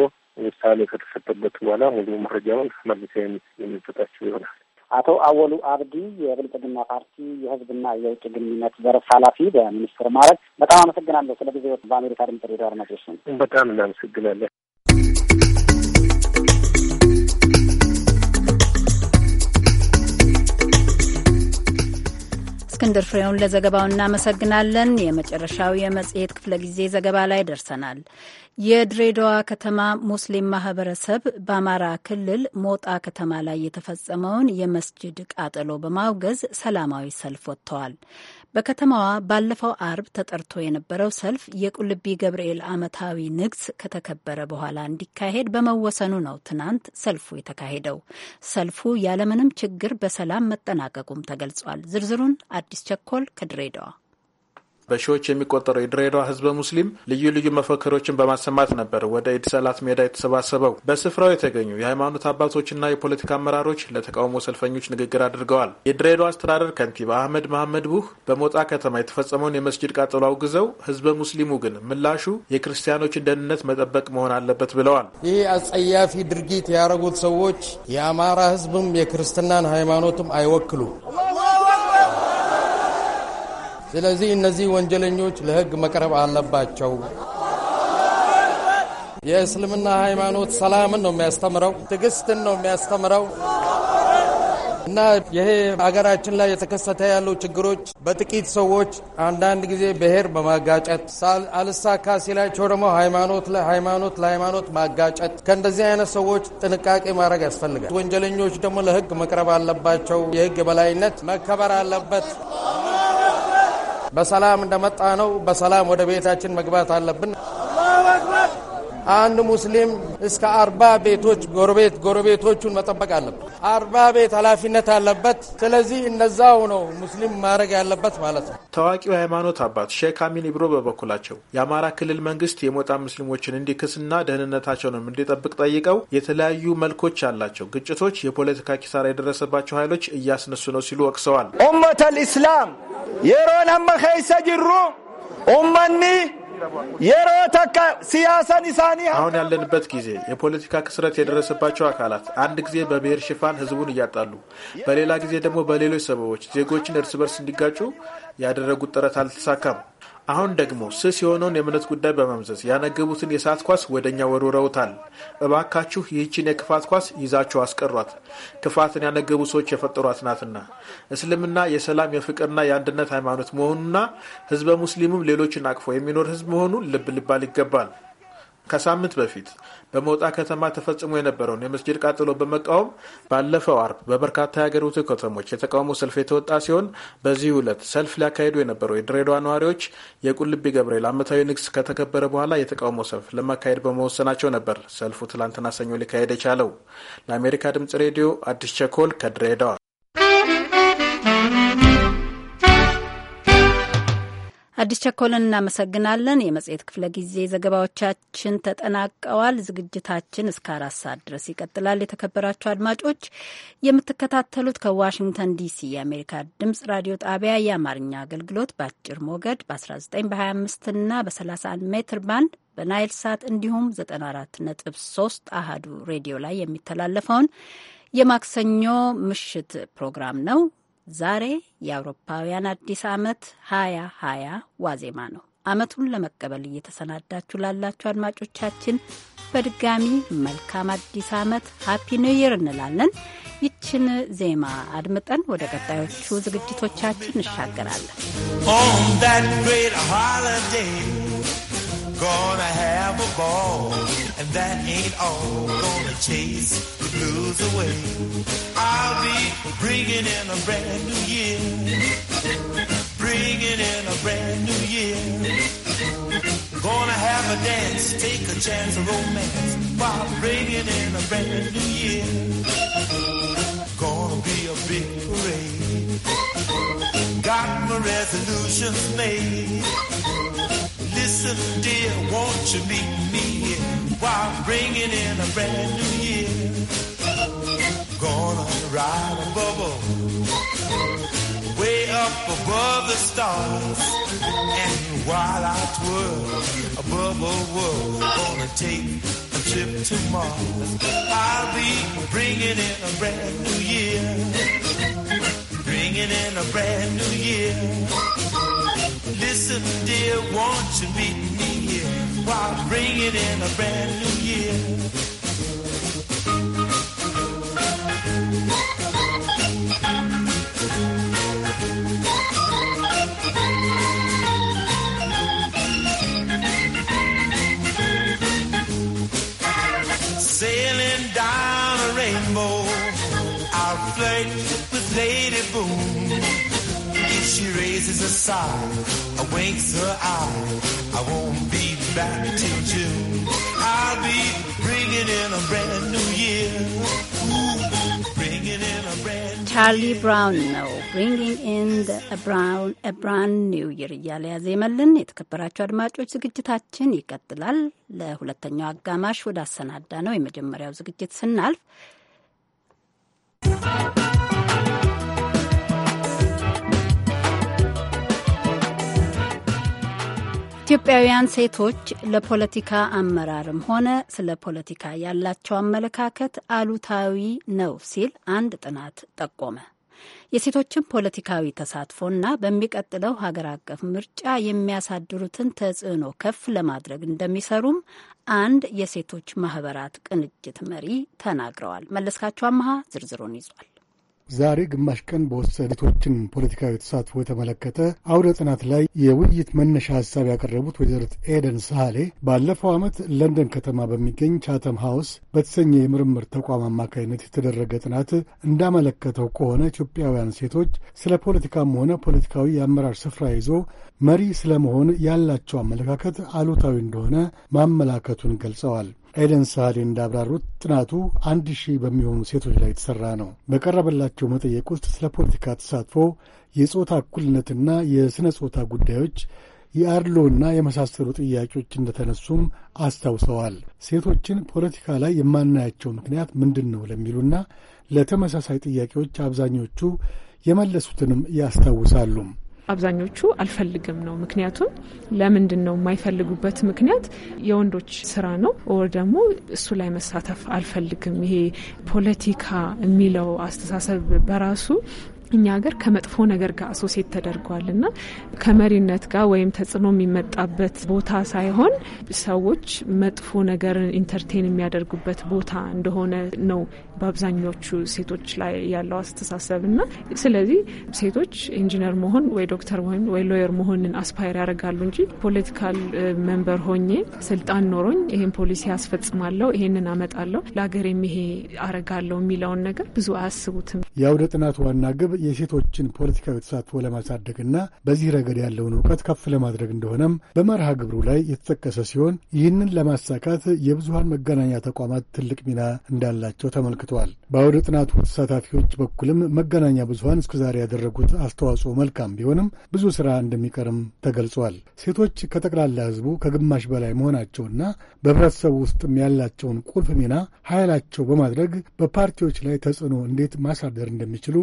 ውሳኔ ከተሰጠበት በኋላ ሙሉ መረጃውን መልሰ የሚሰጣቸው ይሆናል። አቶ አወሉ አብዲ የብልጽግና ፓርቲ የህዝብና የውጭ ግንኙነት ዘርፍ ኃላፊ በሚኒስትር ማዕረግ። በጣም አመሰግናለሁ ስለ ጊዜ በአሜሪካ ድምጽ ሬዲዮ አድማጮች በጣም እናመሰግናለን። እስክንድር ፍሬውን ለዘገባው እናመሰግናለን። የመጨረሻው የመጽሔት ክፍለ ጊዜ ዘገባ ላይ ደርሰናል። የድሬዳዋ ከተማ ሙስሊም ማህበረሰብ በአማራ ክልል ሞጣ ከተማ ላይ የተፈጸመውን የመስጅድ ቃጠሎ በማውገዝ ሰላማዊ ሰልፍ ወጥተዋል። በከተማዋ ባለፈው አርብ ተጠርቶ የነበረው ሰልፍ የቁልቢ ገብርኤል ዓመታዊ ንግስ ከተከበረ በኋላ እንዲካሄድ በመወሰኑ ነው ትናንት ሰልፉ የተካሄደው። ሰልፉ ያለምንም ችግር በሰላም መጠናቀቁም ተገልጿል። ዝርዝሩን አዲስ ቸኮል ከድሬዳዋ በሺዎች የሚቆጠረው የድሬዳዋ ህዝበ ሙስሊም ልዩ ልዩ መፈክሮችን በማሰማት ነበር ወደ ኢድ ሰላት ሜዳ የተሰባሰበው። በስፍራው የተገኙ የሃይማኖት አባቶችና የፖለቲካ አመራሮች ለተቃውሞ ሰልፈኞች ንግግር አድርገዋል። የድሬዳዋ አስተዳደር ከንቲባ አህመድ መሐመድ ቡህ በሞጣ ከተማ የተፈጸመውን የመስጅድ ቃጠሎ አውግዘው፣ ህዝበ ሙስሊሙ ግን ምላሹ የክርስቲያኖችን ደህንነት መጠበቅ መሆን አለበት ብለዋል። ይህ አጸያፊ ድርጊት ያደረጉት ሰዎች የአማራ ህዝብም የክርስትናን ሃይማኖትም አይወክሉም። ስለዚህ እነዚህ ወንጀለኞች ለሕግ መቅረብ አለባቸው። የእስልምና ሃይማኖት ሰላምን ነው የሚያስተምረው፣ ትዕግስትን ነው የሚያስተምረው እና ይሄ ሀገራችን ላይ የተከሰተ ያሉ ችግሮች በጥቂት ሰዎች አንዳንድ ጊዜ ብሔር በማጋጨት አልሳካ ሲላቸው ደግሞ ሃይማኖት ለሃይማኖት ለሃይማኖት ማጋጨት ከእንደዚህ አይነት ሰዎች ጥንቃቄ ማድረግ ያስፈልጋል። ወንጀለኞች ደግሞ ለህግ መቅረብ አለባቸው። የህግ የበላይነት መከበር አለበት። በሰላም እንደመጣ ነው በሰላም ወደ ቤታችን መግባት አለብን። አንድ ሙስሊም እስከ አርባ ቤቶች ጎረቤት ጎረቤቶቹን መጠበቅ አለበት። አርባ ቤት ኃላፊነት አለበት። ስለዚህ እነዛው ነው ሙስሊም ማድረግ ያለበት ማለት ነው። ታዋቂው የሃይማኖት አባት ሼክ አሚን ኢብሮ በበኩላቸው የአማራ ክልል መንግስት የሞጣ ሙስሊሞችን እንዲክስና ደህንነታቸውንም እንዲጠብቅ ጠይቀው የተለያዩ መልኮች ያላቸው ግጭቶች የፖለቲካ ኪሳራ የደረሰባቸው ኃይሎች እያስነሱ ነው ሲሉ ወቅሰዋል። ኡመተል ኢስላም የሮን አመኸይሰ ጅሩ ኡመኒ yeroo takka siyaasan አሁን ያለንበት ጊዜ የፖለቲካ ክስረት የደረሰባቸው አካላት አንድ ጊዜ በብሔር ሽፋን ህዝቡን እያጣሉ፣ በሌላ ጊዜ ደግሞ በሌሎች ሰበቦች ዜጎችን እርስ በርስ እንዲጋጩ ያደረጉት ጥረት አልተሳካም። አሁን ደግሞ ስስ የሆነውን የእምነት ጉዳይ በመምዘዝ ያነገቡትን የእሳት ኳስ ወደኛ ወርውረውታል። እባካችሁ ይህችን የክፋት ኳስ ይዛችሁ አስቀሯት፣ ክፋትን ያነገቡ ሰዎች የፈጠሯት ናትና። እስልምና የሰላም የፍቅርና የአንድነት ሃይማኖት መሆኑና ህዝበ ሙስሊሙም ሌሎችን አቅፎ የሚኖር ህዝብ መሆኑን ልብ ልባል ይገባል። ከሳምንት በፊት በመውጣ ከተማ ተፈጽሞ የነበረውን የመስጅድ ቃጥሎ በመቃወም ባለፈው አርብ በበርካታ የሀገሪቱ ከተሞች የተቃውሞ ሰልፍ የተወጣ ሲሆን በዚህ ዕለት ሰልፍ ሊያካሂዱ የነበረው የድሬዳዋ ነዋሪዎች የቁልቢ ገብርኤል ዓመታዊ ንግስ ከተከበረ በኋላ የተቃውሞ ሰልፍ ለማካሄድ በመወሰናቸው ነበር ሰልፉ ትላንትና ሰኞ ሊካሄድ የቻለው። ለአሜሪካ ድምጽ ሬዲዮ አዲስ ቸኮል ከድሬዳዋ አዲስ ቸኮልን እናመሰግናለን። የመጽሔት ክፍለ ጊዜ ዘገባዎቻችን ተጠናቀዋል። ዝግጅታችን እስከ አራት ሰዓት ድረስ ይቀጥላል። የተከበራችሁ አድማጮች የምትከታተሉት ከዋሽንግተን ዲሲ የአሜሪካ ድምጽ ራዲዮ ጣቢያ የአማርኛ አገልግሎት በአጭር ሞገድ በ19 በ25 እና በ31 ሜትር ባንድ በናይል ሳት እንዲሁም 94.3 አሃዱ ሬዲዮ ላይ የሚተላለፈውን የማክሰኞ ምሽት ፕሮግራም ነው። ዛሬ የአውሮፓውያን አዲስ ዓመት ሀያ ዋዜማ ነው። ዓመቱን ለመቀበል እየተሰናዳችሁ ላላችሁ አድማጮቻችን በድጋሚ መልካም አዲስ ዓመት ሀፒ ኒው ይር እንላለን። ይችን ዜማ አድምጠን ወደ ቀጣዮቹ ዝግጅቶቻችን እንሻገራለን። Gonna have a ball, and that ain't all. Gonna chase the blues away. I'll be bringing in a brand new year. Bringing in a brand new year. Gonna have a dance, take a chance of romance, while bringing in a brand new year. Gonna be a big parade. Got my resolutions made Listen, dear, won't you meet me here while bringing in a brand new year? Gonna ride a bubble way up above the stars. And while I twirl a bubble world, gonna take a trip to Mars. I'll be bringing in a brand new year singing in a brand new year. Listen, dear, won't you meet me here while bringing in a brand new year? Sailing down a rainbow, I'll flirt Lady Boom. She raises a sigh, awakes her eye. I won't be back till June. I'll be bringing in a brand new year. ቻርሊ ብራውን ነው ብሪንግንግ ኢን ብራውን ብራንድ ኒው ይር እያለ ያዜመልን። የተከበራቸው አድማጮች ዝግጅታችን ይቀጥላል። ለሁለተኛው አጋማሽ ወደ አሰናዳ ነው የመጀመሪያው ዝግጅት ስናልፍ ኢትዮጵያውያን ሴቶች ለፖለቲካ አመራርም ሆነ ስለ ፖለቲካ ያላቸው አመለካከት አሉታዊ ነው ሲል አንድ ጥናት ጠቆመ። የሴቶችን ፖለቲካዊ ተሳትፎና በሚቀጥለው ሀገር አቀፍ ምርጫ የሚያሳድሩትን ተጽዕኖ ከፍ ለማድረግ እንደሚሰሩም አንድ የሴቶች ማህበራት ቅንጅት መሪ ተናግረዋል። መለስካቸው አመሀ ዝርዝሩን ይዟል። ዛሬ ግማሽ ቀን በወሰደ ሴቶችን ፖለቲካዊ ተሳትፎ የተመለከተ አውደ ጥናት ላይ የውይይት መነሻ ሀሳብ ያቀረቡት ወይዘሪት ኤደን ሳሌ ባለፈው ዓመት ለንደን ከተማ በሚገኝ ቻተም ሃውስ በተሰኘ የምርምር ተቋም አማካኝነት የተደረገ ጥናት እንዳመለከተው ከሆነ ኢትዮጵያውያን ሴቶች ስለ ፖለቲካም ሆነ ፖለቲካዊ የአመራር ስፍራ ይዞ መሪ ስለመሆን ያላቸው አመለካከት አሉታዊ እንደሆነ ማመላከቱን ገልጸዋል። ኤደን ሳህሌ እንዳብራሩት ጥናቱ አንድ ሺህ በሚሆኑ ሴቶች ላይ የተሠራ ነው። በቀረበላቸው መጠየቅ ውስጥ ስለ ፖለቲካ ተሳትፎ፣ የጾታ እኩልነትና የሥነ ጾታ ጉዳዮች የአድሎና የመሳሰሉ ጥያቄዎች እንደተነሱም አስታውሰዋል። ሴቶችን ፖለቲካ ላይ የማናያቸው ምክንያት ምንድን ነው ለሚሉና ለተመሳሳይ ጥያቄዎች አብዛኞቹ የመለሱትንም ያስታውሳሉ። አብዛኞቹ አልፈልግም ነው። ምክንያቱም ለምንድን ነው የማይፈልጉበት ምክንያት የወንዶች ስራ ነው ወር ደግሞ እሱ ላይ መሳተፍ አልፈልግም። ይሄ ፖለቲካ የሚለው አስተሳሰብ በራሱ እኛ ሀገር ከመጥፎ ነገር ጋር አሶሴት ተደርጓል እና ከመሪነት ጋር ወይም ተጽዕኖ የሚመጣበት ቦታ ሳይሆን ሰዎች መጥፎ ነገር ኢንተርቴን የሚያደርጉበት ቦታ እንደሆነ ነው በአብዛኞቹ ሴቶች ላይ ያለው አስተሳሰብ እና ስለዚህ ሴቶች ኢንጂነር መሆን ወይ ዶክተር ወይም ወይ ሎየር መሆንን አስፓየር ያደርጋሉ እንጂ ፖለቲካል መንበር ሆኜ ስልጣን ኖሮኝ ይሄን ፖሊሲ አስፈጽማለሁ ይሄንን አመጣለሁ፣ ለሀገር ይሄ አረጋለሁ የሚለውን ነገር ብዙ አያስቡትም። የአውደ ጥናት ዋና ግብ የሴቶችን ፖለቲካዊ ተሳትፎ ለማሳደግና በዚህ ረገድ ያለውን እውቀት ከፍ ለማድረግ እንደሆነም በመርሃ ግብሩ ላይ የተጠቀሰ ሲሆን ይህንን ለማሳካት የብዙሀን መገናኛ ተቋማት ትልቅ ሚና እንዳላቸው ተመልክተዋል። በአውደ ጥናቱ ተሳታፊዎች በኩልም መገናኛ ብዙሀን እስከዛሬ ያደረጉት አስተዋጽኦ መልካም ቢሆንም ብዙ ስራ እንደሚቀርም ተገልጿል። ሴቶች ከጠቅላላ ህዝቡ ከግማሽ በላይ መሆናቸውና በህብረተሰቡ ውስጥም ያላቸውን ቁልፍ ሚና ኃይላቸው በማድረግ በፓርቲዎች ላይ ተጽዕኖ እንዴት ማሳደር እንደሚችሉ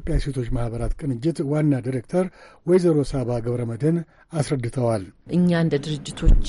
የኢትዮጵያ ሴቶች ማህበራት ቅንጅት ዋና ዲሬክተር ወይዘሮ ሳባ ገብረ መድህን አስረድተዋል። እኛ እንደ ድርጅቶች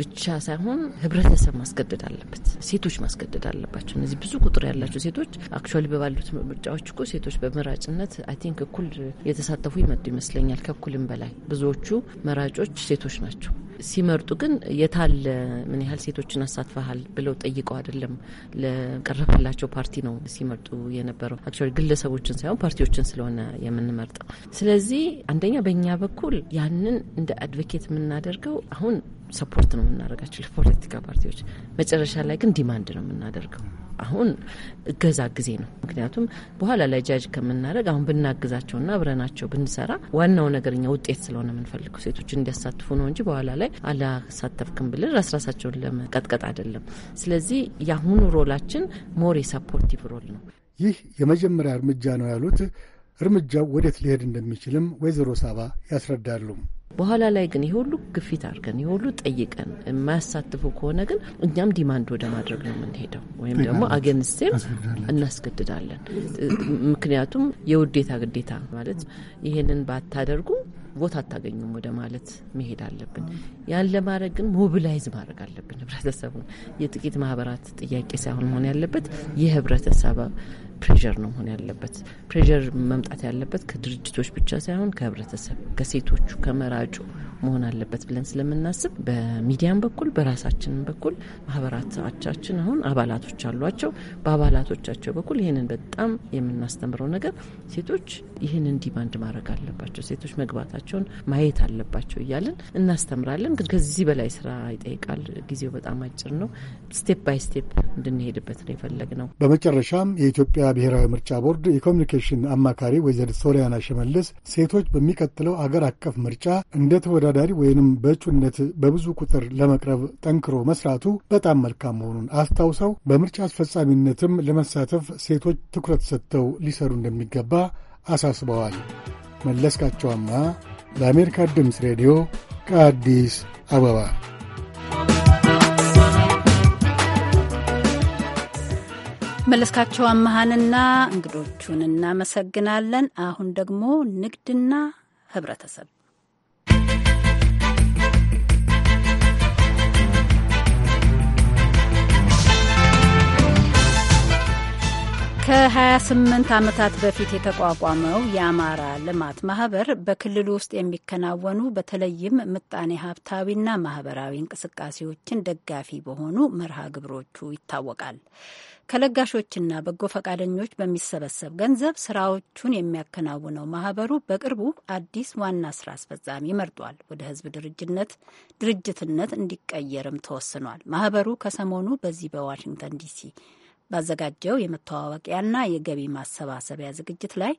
ብቻ ሳይሆን ህብረተሰብ ማስገደድ አለበት፣ ሴቶች ማስገደድ አለባቸው። እነዚህ ብዙ ቁጥር ያላቸው ሴቶች አክቹዋሊ በባሉት ምርጫዎች እኮ ሴቶች በመራጭነት አይ ቲንክ እኩል የተሳተፉ ይመጡ ይመስለኛል፣ ከእኩልም በላይ ብዙዎቹ መራጮች ሴቶች ናቸው። ሲመርጡ ግን የታለ ምን ያህል ሴቶችን አሳትፈሃል ብለው ጠይቀው አይደለም ለቀረበላቸው ፓርቲ ነው ሲመርጡ የነበረው። አክቹዋሊ ግለሰቦችን ሳይሆን ፓርቲዎችን ስለሆነ የምንመርጠው። ስለዚህ አንደኛ በእኛ በኩል ያንን እንደ አድቮኬት የምናደርገው አሁን ሰፖርት ነው የምናደርጋቸው ለፖለቲካ ፓርቲዎች። መጨረሻ ላይ ግን ዲማንድ ነው የምናደርገው። አሁን እገዛ ጊዜ ነው። ምክንያቱም በኋላ ላይ ጃጅ ከምናደርግ አሁን ብናግዛቸውና አብረናቸው ብንሰራ ዋናው ነገርኛ ውጤት ስለሆነ የምንፈልገው ሴቶች እንዲያሳትፉ ነው እንጂ በኋላ ላይ አላሳተፍክም ብለን ራስራሳቸውን ለመቀጥቀጥ አይደለም። ስለዚህ የአሁኑ ሮላችን ሞር የሰፖርቲቭ ሮል ነው። ይህ የመጀመሪያ እርምጃ ነው ያሉት እርምጃው ወዴት ሊሄድ እንደሚችልም ወይዘሮ ሳባ ያስረዳሉ። በኋላ ላይ ግን የሁሉ ግፊት አድርገን የሁሉ ጠይቀን የማያሳትፉ ከሆነ ግን እኛም ዲማንድ ወደ ማድረግ ነው የምንሄደው፣ ወይም ደግሞ አገንስቴም እናስገድዳለን። ምክንያቱም የውዴታ ግዴታ ማለት ይሄንን ባታደርጉ ቦታ አታገኙም ወደ ማለት መሄድ አለብን። ያን ለማድረግ ግን ሞቢላይዝ ማድረግ አለብን ህብረተሰቡን። የጥቂት ማህበራት ጥያቄ ሳይሆን መሆን ያለበት የህብረተሰብ ፕሬዠር ነው መሆን ያለበት። ፕሬዠር መምጣት ያለበት ከድርጅቶች ብቻ ሳይሆን ከህብረተሰብ፣ ከሴቶቹ፣ ከመራጩ መሆን አለበት ብለን ስለምናስብ በሚዲያም በኩል በራሳችንም በኩል ማህበራቻችን አሁን አባላቶች አሏቸው። በአባላቶቻቸው በኩል ይህንን በጣም የምናስተምረው ነገር ሴቶች ይህንን ዲማንድ ማድረግ አለባቸው፣ ሴቶች መግባታቸውን ማየት አለባቸው እያለን እናስተምራለን። ከዚህ በላይ ስራ ይጠይቃል። ጊዜው በጣም አጭር ነው። ስቴፕ ባይ ስቴፕ እንድንሄድበት ነው የፈለግ ነው። በመጨረሻም የኢትዮጵያ ብሔራዊ ምርጫ ቦርድ የኮሚኒኬሽን አማካሪ ወይዘሪት ሶሊያና ሽመልስ ሴቶች በሚቀጥለው አገር አቀፍ ምርጫ እንደ ተወዳዳሪ ወይንም በእጩነት በብዙ ቁጥር ለመቅረብ ጠንክሮ መስራቱ በጣም መልካም መሆኑን አስታውሰው በምርጫ አስፈጻሚነትም ለመሳተፍ ሴቶች ትኩረት ሰጥተው ሊሰሩ እንደሚገባ አሳስበዋል። መለስካቸዋማ ለአሜሪካ ድምፅ ሬዲዮ ከአዲስ አበባ መለስካቸው አመሃንና እንግዶቹን እናመሰግናለን። አሁን ደግሞ ንግድና ህብረተሰብ ከ28 ዓመታት በፊት የተቋቋመው የአማራ ልማት ማህበር በክልሉ ውስጥ የሚከናወኑ በተለይም ምጣኔ ሀብታዊና ማህበራዊ እንቅስቃሴዎችን ደጋፊ በሆኑ መርሃ ግብሮቹ ይታወቃል። ከለጋሾችና በጎ ፈቃደኞች በሚሰበሰብ ገንዘብ ስራዎቹን የሚያከናውነው ማህበሩ በቅርቡ አዲስ ዋና ስራ አስፈጻሚ መርጧል። ወደ ህዝብ ድርጅነት ድርጅትነት እንዲቀየርም ተወስኗል። ማህበሩ ከሰሞኑ በዚህ በዋሽንግተን ዲሲ ባዘጋጀው የመተዋወቂያና የገቢ ማሰባሰቢያ ዝግጅት ላይ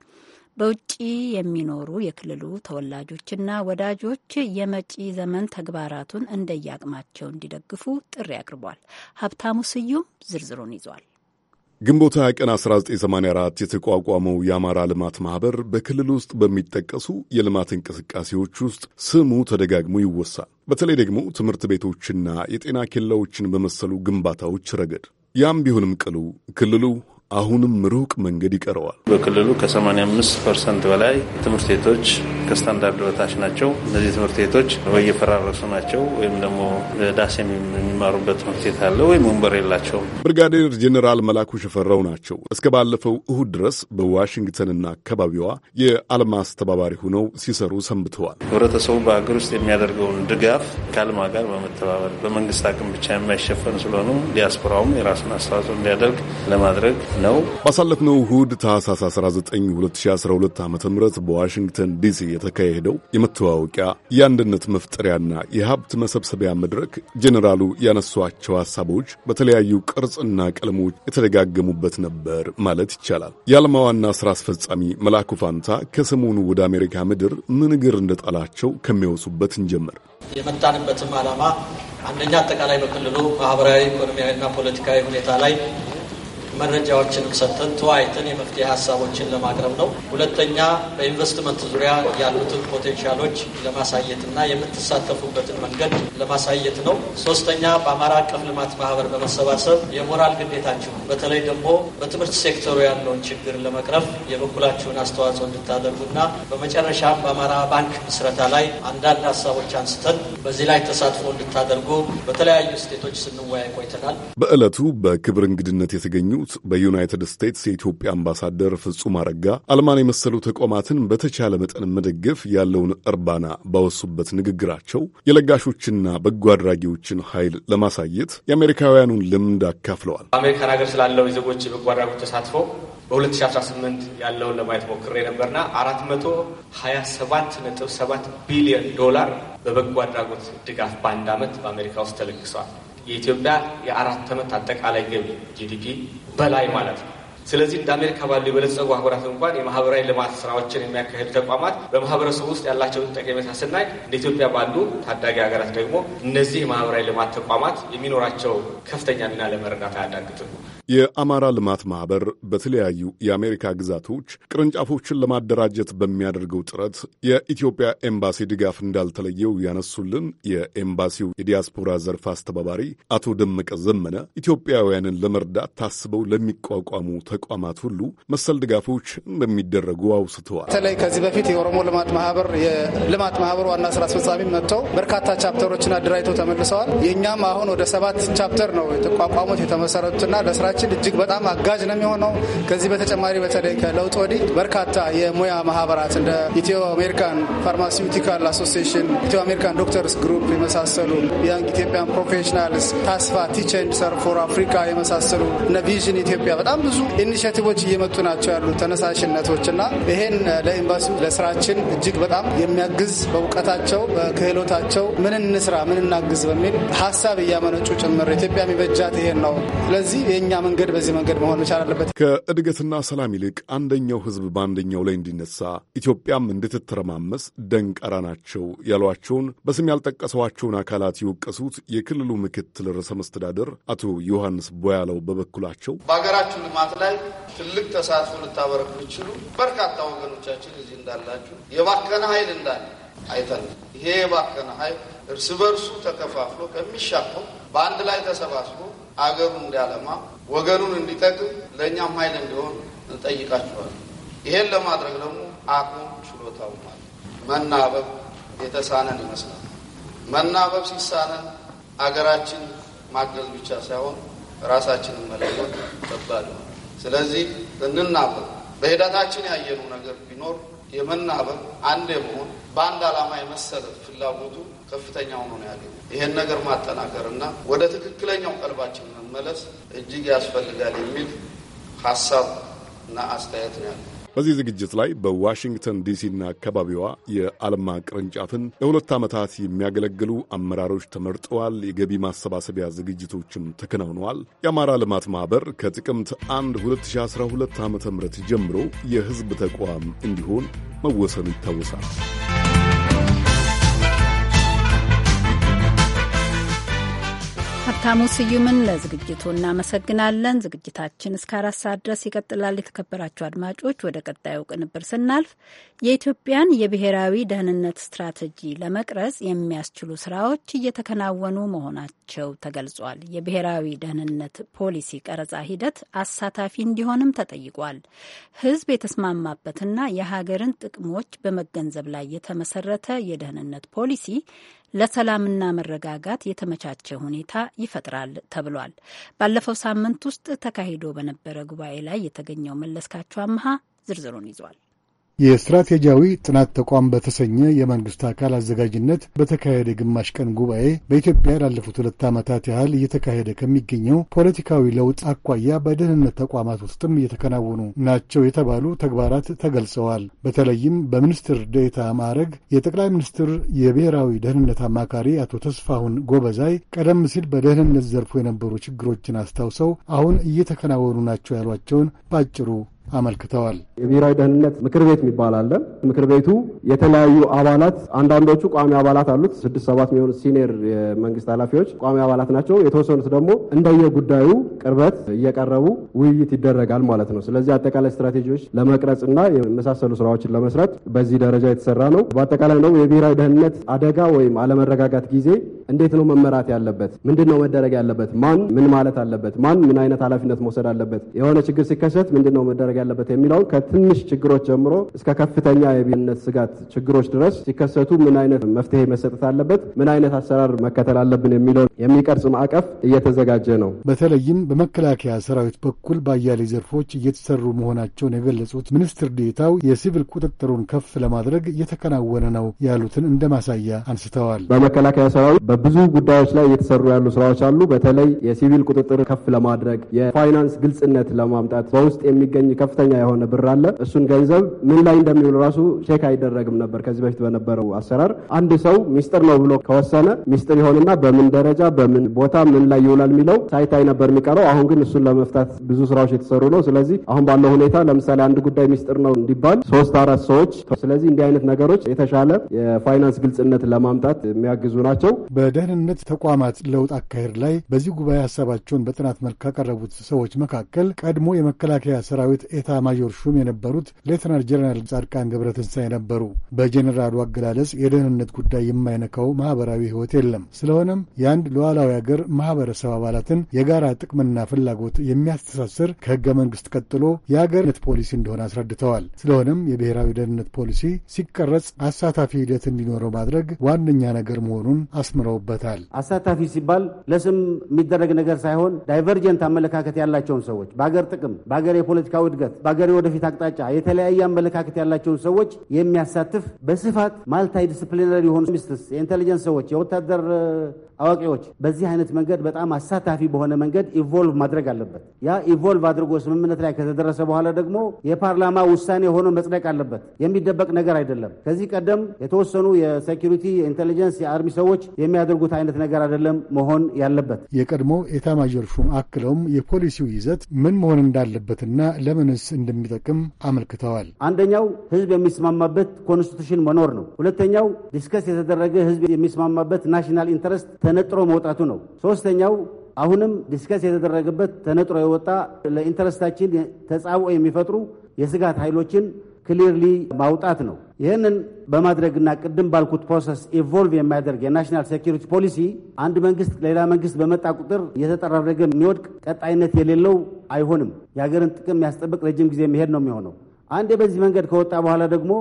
በውጭ የሚኖሩ የክልሉ ተወላጆችና ወዳጆች የመጪ ዘመን ተግባራቱን እንደየአቅማቸው እንዲደግፉ ጥሪ አቅርቧል። ሀብታሙ ስዩም ዝርዝሩን ይዟል። ግንቦት 20 ቀን 1984 የተቋቋመው የአማራ ልማት ማኅበር በክልል ውስጥ በሚጠቀሱ የልማት እንቅስቃሴዎች ውስጥ ስሙ ተደጋግሞ ይወሳል። በተለይ ደግሞ ትምህርት ቤቶችና የጤና ኬላዎችን በመሰሉ ግንባታዎች ረገድ። ያም ቢሆንም ቅሉ ክልሉ አሁንም ሩቅ መንገድ ይቀረዋል። በክልሉ ከ85 ፐርሰንት በላይ ትምህርት ቤቶች ከስታንዳርድ በታች ናቸው። እነዚህ ትምህርት ቤቶች ወይ እየፈራረሱ ናቸው ወይም ደግሞ ዳስ የሚማሩበት ትምህርት ቤት አለ ወይም ወንበር የላቸውም። ብርጋዴር ጄኔራል መላኩ ሽፈራው ናቸው። እስከ ባለፈው እሁድ ድረስ በዋሽንግተንና አካባቢዋ የዓለም አስተባባሪ ሆነው ሲሰሩ ሰንብተዋል። ህብረተሰቡ በሀገር ውስጥ የሚያደርገውን ድጋፍ ከአልማ ጋር በመተባበር በመንግስት አቅም ብቻ የማይሸፈን ስለሆኑ ዲያስፖራውም የራሱን አስተዋጽኦ እንዲያደርግ ለማድረግ ነው። ባሳለፍነው እሁድ ታህሳስ 19 2012 ዓ ም በዋሽንግተን ዲሲ የተካሄደው የመተዋወቂያ የአንድነት መፍጠሪያና የሀብት መሰብሰቢያ መድረክ ጄኔራሉ ያነሷቸው ሀሳቦች በተለያዩ ቅርጽና ቀለሞች የተደጋገሙበት ነበር ማለት ይቻላል። የዓለማ ዋና ሥራ አስፈጻሚ መላኩ ፋንታ ከሰሞኑ ወደ አሜሪካ ምድር ምን እግር እንደጣላቸው ከሚያወሱበት እንጀምር። የመጣንበትም ዓላማ አንደኛ አጠቃላይ በክልሉ ማህበራዊ ኢኮኖሚያዊና ፖለቲካዊ ሁኔታ ላይ መረጃዎችንም ሰጥተን ተወያይተን የመፍትሄ ሀሳቦችን ለማቅረብ ነው። ሁለተኛ በኢንቨስትመንት ዙሪያ ያሉትን ፖቴንሻሎች ለማሳየትና የምትሳተፉበትን መንገድ ለማሳየት ነው። ሶስተኛ በአማራ አቀፍ ልማት ማህበር በመሰባሰብ የሞራል ግዴታችሁ በተለይ ደግሞ በትምህርት ሴክተሩ ያለውን ችግር ለመቅረፍ የበኩላችሁን አስተዋጽኦ እንድታደርጉና በመጨረሻም በአማራ ባንክ ምስረታ ላይ አንዳንድ ሀሳቦች አንስተን በዚህ ላይ ተሳትፎ እንድታደርጉ በተለያዩ ስቴቶች ስንወያይ ቆይተናል። በዕለቱ በክብር እንግድነት የተገኙት ያሉት በዩናይትድ ስቴትስ የኢትዮጵያ አምባሳደር ፍጹም አረጋ አልማን የመሰሉ ተቋማትን በተቻለ መጠን መደገፍ ያለውን እርባና ባወሱበት ንግግራቸው የለጋሾችና በጎ አድራጊዎችን ኃይል ለማሳየት የአሜሪካውያኑን ልምድ አካፍለዋል። በአሜሪካን ሀገር ስላለው የዜጎች የበጎ አድራጎት ተሳትፎ በ2018 ያለውን ለማየት ሞክሬ ነበርና 427.7 ቢሊዮን ዶላር በበጎ አድራጎት ድጋፍ በአንድ ዓመት በአሜሪካ ውስጥ ተለግሰዋል። የኢትዮጵያ የአራት ዓመት አጠቃላይ ገቢ ጂዲፒ በላይ ማለት ነው። ስለዚህ እንደ አሜሪካ ባሉ የበለጸጉ ሀገራት እንኳን የማህበራዊ ልማት ስራዎችን የሚያካሄዱ ተቋማት በማህበረሰቡ ውስጥ ያላቸውን ጠቀሜታ ስናይ እንደ ኢትዮጵያ ባሉ ታዳጊ ሀገራት ደግሞ እነዚህ የማህበራዊ ልማት ተቋማት የሚኖራቸው ከፍተኛ ሚና ለመረዳት አያዳግትም። የአማራ ልማት ማህበር በተለያዩ የአሜሪካ ግዛቶች ቅርንጫፎችን ለማደራጀት በሚያደርገው ጥረት የኢትዮጵያ ኤምባሲ ድጋፍ እንዳልተለየው ያነሱልን የኤምባሲው የዲያስፖራ ዘርፍ አስተባባሪ አቶ ደመቀ ዘመነ ኢትዮጵያውያንን ለመርዳት ታስበው ለሚቋቋሙ ተቋማት ሁሉ መሰል ድጋፎች እንደሚደረጉ አውስተዋል። በተለይ ከዚህ በፊት የኦሮሞ ልማት ማህበር የልማት ማኅበሩ ዋና ስራ አስፈጻሚ መጥተው በርካታ ቻፕተሮችን አደራጅተው ተመልሰዋል። የእኛም አሁን ወደ ሰባት ቻፕተር ነው የተቋቋሙት የተመሰረቱትና ለስራች ለስራችን እጅግ በጣም አጋዥ ነው የሚሆነው። ከዚህ በተጨማሪ በተለይ ከለውጥ ወዲህ በርካታ የሙያ ማህበራት እንደ ኢትዮ አሜሪካን ፋርማሲውቲካል አሶሲሽን፣ ኢትዮ አሜሪካን ዶክተርስ ግሩፕ የመሳሰሉ ያንግ ኢትዮጵያን ፕሮፌሽናልስ፣ ታስፋ ቲቸንድ ሰር ፎር አፍሪካ የመሳሰሉ እነ ቪዥን ኢትዮጵያ በጣም ብዙ ኢኒሽቲቮች እየመጡ ናቸው ያሉ ተነሳሽነቶች እና ይሄን ለኤምባሲው ለስራችን እጅግ በጣም የሚያግዝ በእውቀታቸው በክህሎታቸው ምን እንስራ ምን እናግዝ በሚል ሀሳብ እያመነጩ ጭምር ኢትዮጵያ የሚበጃት ይሄን ነው። ስለዚህ የእኛ መንገድ በዚህ መንገድ መሆን መቻል አለበት። ከእድገትና ሰላም ይልቅ አንደኛው ህዝብ በአንደኛው ላይ እንዲነሳ ኢትዮጵያም እንድትተረማመስ ደንቀራ ናቸው ያሏቸውን በስም ያልጠቀሰዋቸውን አካላት የወቀሱት የክልሉ ምክትል ርዕሰ መስተዳደር አቶ ዮሐንስ ቦያለው በበኩላቸው በሀገራችን ልማት ላይ ትልቅ ተሳትፎ ልታበረክ ብችሉ በርካታ ወገኖቻችን እዚህ እንዳላችሁ የባከነ ኃይል እንዳለ አይተን ይሄ የባከነ ኃይል እርስ በርሱ ተከፋፍሎ ከሚሻፈው በአንድ ላይ ተሰባስቦ አገሩ እንዲያለማ ወገኑን እንዲጠቅም ለእኛም ኃይል እንዲሆን እንጠይቃቸዋለን። ይሄን ለማድረግ ደግሞ አቅሙም ችሎታው ማለት መናበብ የተሳነን ይመስላል። መናበብ ሲሳነን አገራችን ማገዝ ብቻ ሳይሆን ራሳችንን መለወጥ ከባድ ነው። ስለዚህ እንናበብ። በሂደታችን ያየነው ነገር ቢኖር የመናበብ አንድ የመሆን በአንድ ዓላማ የመሰለ ፍላጎቱ ከፍተኛ ሆኖ ነው ያገኘ ይህን ነገር ማጠናከር እና ወደ ትክክለኛው ቀልባችን መመለስ እጅግ ያስፈልጋል የሚል ሀሳብ እና አስተያየት ነው ያለ። በዚህ ዝግጅት ላይ በዋሽንግተን ዲሲና አካባቢዋ የአልማ ቅርንጫፍን ለሁለት ዓመታት የሚያገለግሉ አመራሮች ተመርጠዋል። የገቢ ማሰባሰቢያ ዝግጅቶችም ተከናውነዋል። የአማራ ልማት ማኅበር ከጥቅምት 1 2012 ዓ ም ጀምሮ የሕዝብ ተቋም እንዲሆን መወሰኑ ይታወሳል። ሀብታሙ ስዩምን ለዝግጅቱ እናመሰግናለን። ዝግጅታችን እስከ አራት ሰዓት ድረስ ይቀጥላል። የተከበራችሁ አድማጮች፣ ወደ ቀጣዩ ቅንብር ስናልፍ የኢትዮጵያን የብሔራዊ ደህንነት ስትራቴጂ ለመቅረጽ የሚያስችሉ ስራዎች እየተከናወኑ መሆናቸው ተገልጿል። የብሔራዊ ደህንነት ፖሊሲ ቀረጻ ሂደት አሳታፊ እንዲሆንም ተጠይቋል። ህዝብ የተስማማበትና የሀገርን ጥቅሞች በመገንዘብ ላይ የተመሰረተ የደህንነት ፖሊሲ ለሰላምና መረጋጋት የተመቻቸ ሁኔታ ይፈጥራል ተብሏል። ባለፈው ሳምንት ውስጥ ተካሂዶ በነበረ ጉባኤ ላይ የተገኘው መለስካቸው አምሃ ዝርዝሩን ይዟል። የስትራቴጂያዊ ጥናት ተቋም በተሰኘ የመንግስት አካል አዘጋጅነት በተካሄደ ግማሽ ቀን ጉባኤ በኢትዮጵያ ላለፉት ሁለት ዓመታት ያህል እየተካሄደ ከሚገኘው ፖለቲካዊ ለውጥ አኳያ በደህንነት ተቋማት ውስጥም እየተከናወኑ ናቸው የተባሉ ተግባራት ተገልጸዋል። በተለይም በሚኒስትር ዴታ ማዕረግ የጠቅላይ ሚኒስትር የብሔራዊ ደህንነት አማካሪ አቶ ተስፋሁን ጎበዛይ ቀደም ሲል በደህንነት ዘርፉ የነበሩ ችግሮችን አስታውሰው አሁን እየተከናወኑ ናቸው ያሏቸውን በአጭሩ አመልክተዋል። የብሔራዊ ደህንነት ምክር ቤት የሚባል አለ። ምክር ቤቱ የተለያዩ አባላት አንዳንዶቹ ቋሚ አባላት አሉት። ስድስት ሰባት የሚሆኑ ሲኒየር የመንግስት ኃላፊዎች ቋሚ አባላት ናቸው። የተወሰኑት ደግሞ እንደየ ጉዳዩ ቅርበት እየቀረቡ ውይይት ይደረጋል ማለት ነው። ስለዚህ አጠቃላይ ስትራቴጂዎች ለመቅረጽ እና የመሳሰሉ ስራዎችን ለመስራት በዚህ ደረጃ የተሰራ ነው። በአጠቃላይ ደግሞ የብሔራዊ ደህንነት አደጋ ወይም አለመረጋጋት ጊዜ እንዴት ነው መመራት ያለበት? ምንድን ነው መደረግ ያለበት? ማን ምን ማለት አለበት? ማን ምን አይነት ኃላፊነት መውሰድ አለበት? የሆነ ችግር ሲከሰት ምንድን ነው መደረግ ያለበት የሚለውን ከትንሽ ችግሮች ጀምሮ እስከ ከፍተኛ የብዝሃነት ስጋት ችግሮች ድረስ ሲከሰቱ ምን አይነት መፍትሄ መሰጠት አለበት፣ ምን አይነት አሰራር መከተል አለብን የሚለውን የሚቀርጽ ማዕቀፍ እየተዘጋጀ ነው። በተለይም በመከላከያ ሰራዊት በኩል በአያሌ ዘርፎች እየተሰሩ መሆናቸውን የገለጹት ሚኒስትር ዴታው የሲቪል ቁጥጥሩን ከፍ ለማድረግ እየተከናወነ ነው ያሉትን እንደ ማሳያ አንስተዋል። በመከላከያ ሰራዊት በብዙ ጉዳዮች ላይ እየተሰሩ ያሉ ስራዎች አሉ። በተለይ የሲቪል ቁጥጥር ከፍ ለማድረግ የፋይናንስ ግልጽነት ለማምጣት በውስጥ የሚገኝ ከፍ ከፍተኛ የሆነ ብር አለ። እሱን ገንዘብ ምን ላይ እንደሚውል ራሱ ቼክ አይደረግም ነበር ከዚህ በፊት በነበረው አሰራር። አንድ ሰው ሚስጥር ነው ብሎ ከወሰነ ሚስጥር ይሆንና በምን ደረጃ በምን ቦታ ምን ላይ ይውላል የሚለው ሳይታይ ነበር የሚቀረው። አሁን ግን እሱን ለመፍታት ብዙ ስራዎች የተሰሩ ነው። ስለዚህ አሁን ባለው ሁኔታ ለምሳሌ አንድ ጉዳይ ሚስጥር ነው እንዲባል ሶስት አራት ሰዎች ስለዚህ እንዲህ አይነት ነገሮች የተሻለ የፋይናንስ ግልጽነት ለማምጣት የሚያግዙ ናቸው። በደህንነት ተቋማት ለውጥ አካሄድ ላይ በዚህ ጉባኤ ሀሳባቸውን በጥናት መልክ ካቀረቡት ሰዎች መካከል ቀድሞ የመከላከያ ሰራዊት ኤታ ማዦር ሹም የነበሩት ሌተናል ጀነራል ጻድቃን ገብረትንሳኤ ነበሩ። በጀኔራሉ አገላለጽ የደህንነት ጉዳይ የማይነካው ማህበራዊ ህይወት የለም። ስለሆነም የአንድ ሉዓላዊ አገር ማህበረሰብ አባላትን የጋራ ጥቅምና ፍላጎት የሚያስተሳስር ከህገ መንግስት ቀጥሎ የአገርነት ፖሊሲ እንደሆነ አስረድተዋል። ስለሆነም የብሔራዊ ደህንነት ፖሊሲ ሲቀረጽ አሳታፊ ሂደት እንዲኖረው ማድረግ ዋነኛ ነገር መሆኑን አስምረውበታል። አሳታፊ ሲባል ለስም የሚደረግ ነገር ሳይሆን ዳይቨርጀንት አመለካከት ያላቸውን ሰዎች በአገር ጥቅም በአገር የፖለቲካ እድገት፣ በአገሬ ወደፊት አቅጣጫ የተለያየ አመለካከት ያላቸውን ሰዎች የሚያሳትፍ በስፋት ማልታይ ዲስፕሊነሪ የሆኑ ሚስትስ የኢንቴሊጀንስ ሰዎች የወታደር አዋቂዎች በዚህ አይነት መንገድ በጣም አሳታፊ በሆነ መንገድ ኢቮልቭ ማድረግ አለበት። ያ ኢቮልቭ አድርጎ ስምምነት ላይ ከተደረሰ በኋላ ደግሞ የፓርላማ ውሳኔ ሆኖ መጽደቅ አለበት። የሚደበቅ ነገር አይደለም። ከዚህ ቀደም የተወሰኑ የሴኪሪቲ የኢንቴሊጀንስ፣ የአርሚ ሰዎች የሚያደርጉት አይነት ነገር አይደለም መሆን ያለበት። የቀድሞ ኤታ ሹም አክለውም የፖሊሲው ይዘት ምን መሆን እንዳለበትና ለምንስ እንደሚጠቅም አመልክተዋል። አንደኛው ህዝብ የሚስማማበት ኮንስቲቱሽን መኖር ነው። ሁለተኛው ዲስከስ የተደረገ ህዝብ የሚስማማበት ናሽናል ኢንተረስት ተነጥሮ መውጣቱ ነው። ሶስተኛው አሁንም ዲስከስ የተደረገበት ተነጥሮ የወጣ ለኢንተረስታችን ተጻብኦ የሚፈጥሩ የስጋት ኃይሎችን ክሊርሊ ማውጣት ነው። ይህንን በማድረግና ቅድም ባልኩት ፕሮሰስ ኢቮልቭ የሚያደርግ የናሽናል ሴኪሪቲ ፖሊሲ አንድ መንግስት ሌላ መንግስት በመጣ ቁጥር እየተጠራረገ የሚወድቅ ቀጣይነት የሌለው አይሆንም። የሀገርን ጥቅም ያስጠብቅ ረጅም ጊዜ መሄድ ነው የሚሆነው። አንዴ በዚህ መንገድ ከወጣ በኋላ ደግሞ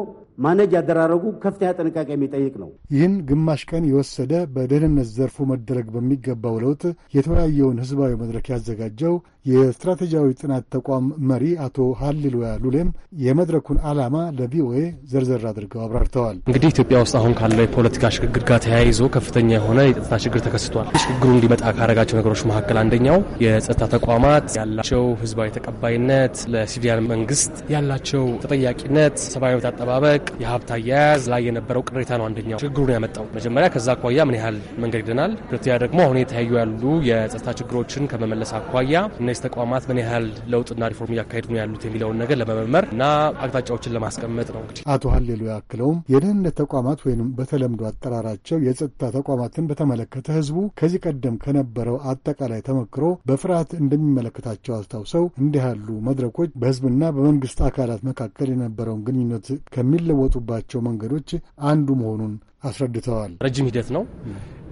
ማነጅ ያደራረጉ ከፍተኛ ጥንቃቄ የሚጠይቅ ነው። ይህን ግማሽ ቀን የወሰደ በደህንነት ዘርፉ መደረግ በሚገባው ለውጥ የተወያየውን ህዝባዊ መድረክ ያዘጋጀው የስትራቴጂያዊ ጥናት ተቋም መሪ አቶ ሀሊሉያ ሉሌም የመድረኩን ዓላማ ለቪኦኤ ዘርዘር አድርገው አብራርተዋል። እንግዲህ ኢትዮጵያ ውስጥ አሁን ካለው የፖለቲካ ሽግግር ጋር ተያይዞ ከፍተኛ የሆነ የጸጥታ ችግር ተከስቷል። ሽግግሩ እንዲመጣ ካረጋቸው ነገሮች መካከል አንደኛው የጸጥታ ተቋማት ያላቸው ህዝባዊ ተቀባይነት፣ ለሲቪሊያን መንግስት ያላቸው ተጠያቂነት፣ ሰብአዊ መብት አጠባበቅ የሀብት አያያዝ ላይ የነበረው ቅሬታ ነው አንደኛው ችግሩን ያመጣው። መጀመሪያ ከዛ አኳያ ምን ያህል መንገድ ይደናል፣ ሁለተኛ ደግሞ አሁን የተያዩ ያሉ የጸጥታ ችግሮችን ከመመለስ አኳያ እነዚህ ተቋማት ምን ያህል ለውጥና ሪፎርም እያካሄዱ ነው ያሉት የሚለውን ነገር ለመመርመር እና አቅጣጫዎችን ለማስቀመጥ ነው። እንግዲህ አቶ ሀሌሉ ያክለውም የደህንነት ተቋማት ወይም በተለምዶ አጠራራቸው የጸጥታ ተቋማትን በተመለከተ ህዝቡ ከዚህ ቀደም ከነበረው አጠቃላይ ተመክሮ በፍርሃት እንደሚመለከታቸው አስታውሰው እንዲህ ያሉ መድረኮች በህዝብና በመንግስት አካላት መካከል የነበረውን ግንኙነት ከሚል ከሚለወጡባቸው መንገዶች አንዱ መሆኑን አስረድተዋል። ረጅም ሂደት ነው።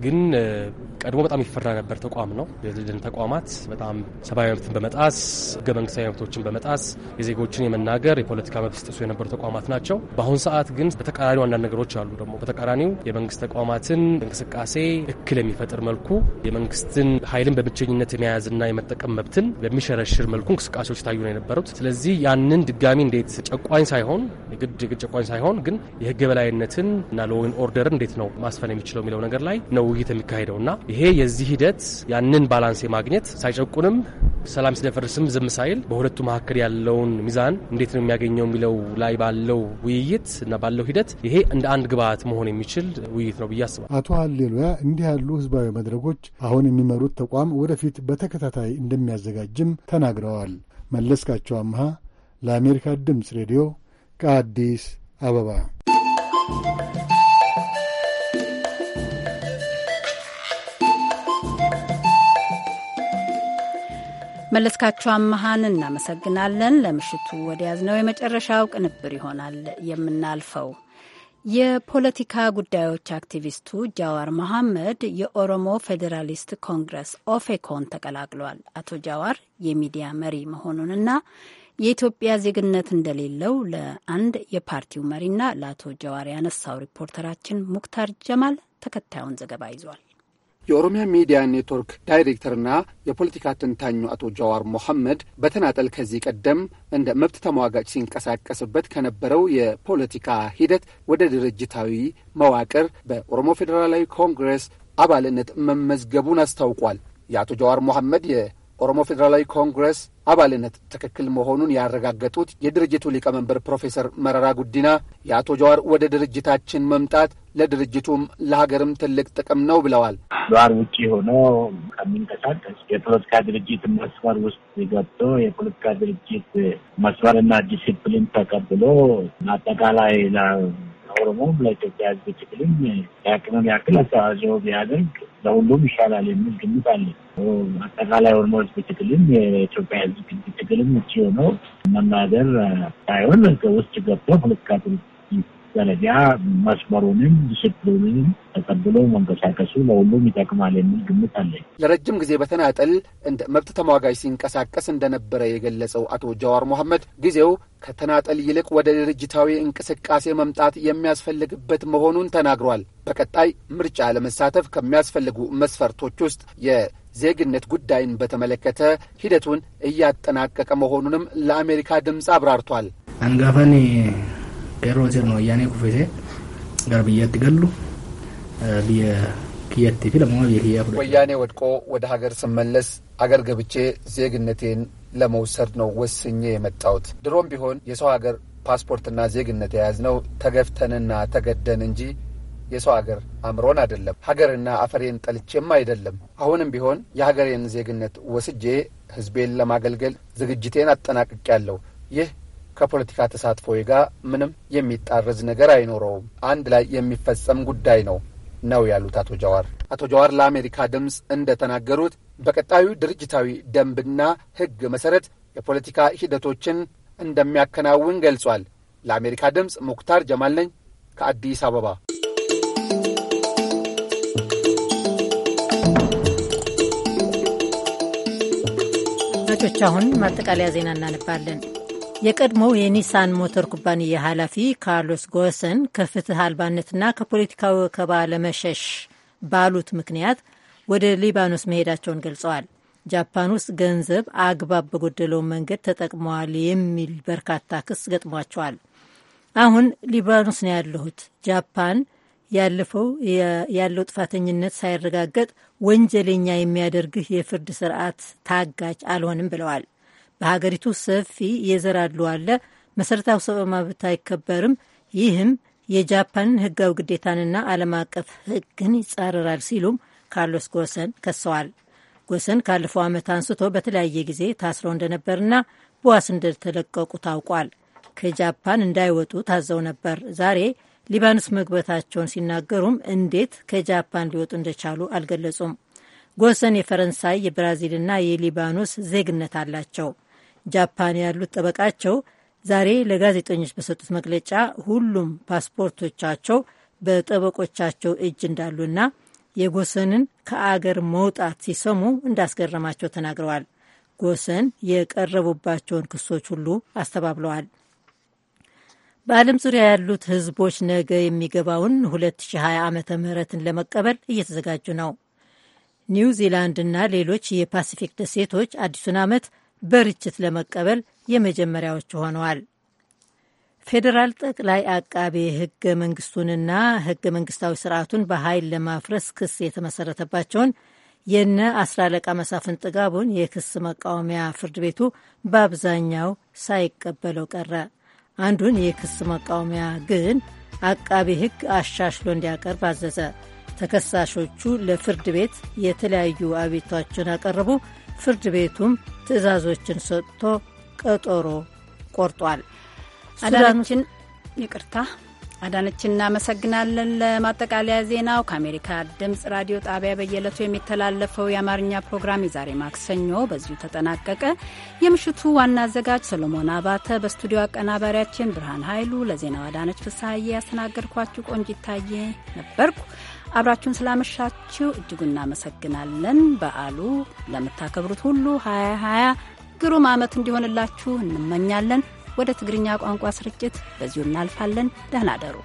ግን ቀድሞ በጣም ይፈራ ነበር ተቋም ነው። የደን ተቋማት በጣም ሰብአዊ መብትን በመጣስ ህገ መንግስታዊ መብቶችን በመጣስ የዜጎችን የመናገር የፖለቲካ መብት ሲጥሱ የነበሩ ተቋማት ናቸው። በአሁን ሰዓት ግን በተቃራኒው አንዳንድ ነገሮች አሉ። ደግሞ በተቃራኒው የመንግስት ተቋማትን እንቅስቃሴ እክል የሚፈጥር መልኩ የመንግስትን ኃይልን በብቸኝነት የመያዝና የመጠቀም መብትን በሚሸረሽር መልኩ እንቅስቃሴዎች ታዩ ነው የነበሩት። ስለዚህ ያንን ድጋሚ እንዴት ጨቋኝ ሳይሆን የግድ ጨቋኝ ሳይሆን ግን የህገ በላይነትን እና ሎውን ኦርደርን እንዴት ነው ማስፈን የሚችለው የሚለው ነገር ላይ ነው ውይይት የሚካሄደው እና ይሄ የዚህ ሂደት ያንን ባላንስ የማግኘት ሳይጨቁንም ሰላም ሲደፈርስም ዝም ሳይል በሁለቱ መካከል ያለውን ሚዛን እንዴት ነው የሚያገኘው የሚለው ላይ ባለው ውይይት እና ባለው ሂደት ይሄ እንደ አንድ ግብዓት መሆን የሚችል ውይይት ነው ብዬ አስባል። አቶ ሀሌሉያ እንዲህ ያሉ ህዝባዊ መድረኮች አሁን የሚመሩት ተቋም ወደፊት በተከታታይ እንደሚያዘጋጅም ተናግረዋል። መለስካቸው አምሃ ለአሜሪካ ድምፅ ሬዲዮ ከአዲስ አበባ መለስካቸው አመሃን እናመሰግናለን። ለምሽቱ ያዝነው የመጨረሻው ቅንብር ይሆናል የምናልፈው። የፖለቲካ ጉዳዮች አክቲቪስቱ ጃዋር መሐመድ የኦሮሞ ፌዴራሊስት ኮንግረስ ኦፌኮን ተቀላቅሏል። አቶ ጃዋር የሚዲያ መሪ መሆኑንና የኢትዮጵያ ዜግነት እንደሌለው ለአንድ የፓርቲው መሪና ለአቶ ጃዋር ያነሳው ሪፖርተራችን ሙክታር ጀማል ተከታዩን ዘገባ ይዟል። የኦሮሚያ ሚዲያ ኔትወርክ ዳይሬክተርና የፖለቲካ ትንታኙ አቶ ጀዋር ሞሐመድ በተናጠል ከዚህ ቀደም እንደ መብት ተሟጋጭ ሲንቀሳቀስበት ከነበረው የፖለቲካ ሂደት ወደ ድርጅታዊ መዋቅር በኦሮሞ ፌዴራላዊ ኮንግረስ አባልነት መመዝገቡን አስታውቋል። የአቶ ጀዋር መሐመድ ኦሮሞ ፌዴራላዊ ኮንግረስ አባልነት ትክክል መሆኑን ያረጋገጡት የድርጅቱ ሊቀመንበር ፕሮፌሰር መረራ ጉዲና የአቶ ጀዋር ወደ ድርጅታችን መምጣት ለድርጅቱም ለሀገርም ትልቅ ጥቅም ነው ብለዋል። ጀዋር ውጭ ሆኖ ከሚንቀሳቀስ የፖለቲካ ድርጅት መስመር ውስጥ ገብቶ የፖለቲካ ድርጅት መስመርና ዲሲፕሊን ተቀብሎ አጠቃላይ ኦሮሞም ለኢትዮጵያ ሕዝብ ትግልም የአቅሙን ያክል አስተዋጽኦ ቢያደርግ ለሁሉም ይሻላል የሚል ግምት አለ። አጠቃላይ ኦሮሞ ሕዝብ ትግልም የኢትዮጵያ ሕዝብ ትግልም ውጭ ሆነው መናገር ሳይሆን ውስጥ ገብቶ ፖለቲካ ደረጃ መስመሩንም ዲስፕሊኑንም ተቀብሎ መንቀሳቀሱ ለሁሉም ይጠቅማል የሚል ግምት አለኝ። ለረጅም ጊዜ በተናጠል እንደ መብት ተሟጋጅ ሲንቀሳቀስ እንደነበረ የገለጸው አቶ ጀዋር መሐመድ ጊዜው ከተናጠል ይልቅ ወደ ድርጅታዊ እንቅስቃሴ መምጣት የሚያስፈልግበት መሆኑን ተናግሯል። በቀጣይ ምርጫ ለመሳተፍ ከሚያስፈልጉ መስፈርቶች ውስጥ የዜግነት ጉዳይን በተመለከተ ሂደቱን እያጠናቀቀ መሆኑንም ለአሜሪካ ድምፅ አብራርቷል። አንጋፋን Yeroo sirna wayyaanee kuffisee gara biyyaatti gallu eh, biyya kiyyaatti filamumaa biyya kiyyaa fudhatu. Wayyaanee ወድቆ ወደ ሀገር ስመለስ አገር ገብቼ ዜግነቴን ለመውሰድ ነው ወስኜ የመጣሁት። ድሮም ቢሆን የሰው ሀገር ፓስፖርትና ዜግነት የያዝነው ተገፍተንና ተገደን እንጂ የሰው ሀገር አምሮን አይደለም። ሀገርና አፈሬን ጠልቼም አይደለም። አሁንም ቢሆን የሀገሬን ዜግነት ወስጄ ሕዝቤን ለማገልገል ዝግጅቴን አጠናቅቄያለሁ። ይህ ከፖለቲካ ተሳትፎ ጋር ምንም የሚጣረዝ ነገር አይኖረውም። አንድ ላይ የሚፈጸም ጉዳይ ነው ነው ያሉት አቶ ጀዋር። አቶ ጀዋር ለአሜሪካ ድምፅ እንደተናገሩት በቀጣዩ ድርጅታዊ ደንብና ሕግ መሰረት የፖለቲካ ሂደቶችን እንደሚያከናውን ገልጿል። ለአሜሪካ ድምፅ ሙክታር ጀማል ነኝ ከአዲስ አበባ። አድማጮች አሁን ማጠቃለያ ዜና እናነባለን። የቀድሞው የኒሳን ሞተር ኩባንያ ኃላፊ ካርሎስ ጎሰን ከፍትህ አልባነትና ከፖለቲካዊ ወከባ ለመሸሽ ባሉት ምክንያት ወደ ሊባኖስ መሄዳቸውን ገልጸዋል። ጃፓን ውስጥ ገንዘብ አግባብ በጎደለው መንገድ ተጠቅመዋል የሚል በርካታ ክስ ገጥሟቸዋል። አሁን ሊባኖስ ነው ያለሁት። ጃፓን ያለፈው ያለው ጥፋተኝነት ሳይረጋገጥ ወንጀለኛ የሚያደርግህ የፍርድ ስርዓት ታጋጅ አልሆንም ብለዋል። በሀገሪቱ ሰፊ የዘር አድልዎ አለ። መሰረታዊ ሰብአዊ መብት አይከበርም። ይህም የጃፓንን ህጋዊ ግዴታንና ዓለም አቀፍ ህግን ይጻረራል ሲሉም ካርሎስ ጎሰን ከሰዋል። ጎሰን ካለፈው ዓመት አንስቶ በተለያየ ጊዜ ታስረው እንደነበርና በዋስ እንደተለቀቁ ታውቋል። ከጃፓን እንዳይወጡ ታዘው ነበር። ዛሬ ሊባኖስ መግባታቸውን ሲናገሩም እንዴት ከጃፓን ሊወጡ እንደቻሉ አልገለጹም። ጎሰን የፈረንሳይ የብራዚልና የሊባኖስ ዜግነት አላቸው። ጃፓን ያሉት ጠበቃቸው ዛሬ ለጋዜጠኞች በሰጡት መግለጫ ሁሉም ፓስፖርቶቻቸው በጠበቆቻቸው እጅ እንዳሉና የጎሰንን ከአገር መውጣት ሲሰሙ እንዳስገረማቸው ተናግረዋል። ጎሰን የቀረቡባቸውን ክሶች ሁሉ አስተባብለዋል። በዓለም ዙሪያ ያሉት ህዝቦች ነገ የሚገባውን 2020 ዓ ምህረትን ለመቀበል እየተዘጋጁ ነው። ኒው ዚላንድና ሌሎች የፓሲፊክ ደሴቶች አዲሱን ዓመት በርችት ለመቀበል የመጀመሪያዎቹ ሆነዋል። ፌዴራል ጠቅላይ አቃቤ ህገ መንግስቱንና ህገ መንግስታዊ ስርዓቱን በኃይል ለማፍረስ ክስ የተመሰረተባቸውን የነ አስራ አለቃ መሳፍን ጥጋቡን የክስ መቃወሚያ ፍርድ ቤቱ በአብዛኛው ሳይቀበለው ቀረ። አንዱን የክስ መቃወሚያ ግን አቃቤ ሕግ አሻሽሎ እንዲያቀርብ አዘዘ። ተከሳሾቹ ለፍርድ ቤት የተለያዩ አቤቷቸውን አቀረቡ። ፍርድ ቤቱም ትዕዛዞችን ሰጥቶ ቀጠሮ ቆርጧል። አዳነችን ይቅርታ አዳነችን እናመሰግናለን። ለማጠቃለያ ዜናው ከአሜሪካ ድምፅ ራዲዮ ጣቢያ በየዕለቱ የሚተላለፈው የአማርኛ ፕሮግራም የዛሬ ማክሰኞ በዚሁ ተጠናቀቀ። የምሽቱ ዋና አዘጋጅ ሰሎሞን አባተ፣ በስቱዲዮ አቀናባሪያችን ብርሃን ኃይሉ፣ ለዜናው አዳነች ፍስሐዬ፣ ያስተናገድኳችሁ ቆንጂት ታዬ ነበርኩ። አብራችሁን ስላመሻችሁ እጅጉ እናመሰግናለን። በዓሉ ለምታከብሩት ሁሉ 2020 ግሩም ዓመት እንዲሆንላችሁ እንመኛለን። ወደ ትግርኛ ቋንቋ ስርጭት በዚሁ እናልፋለን። ደህና ደሩ።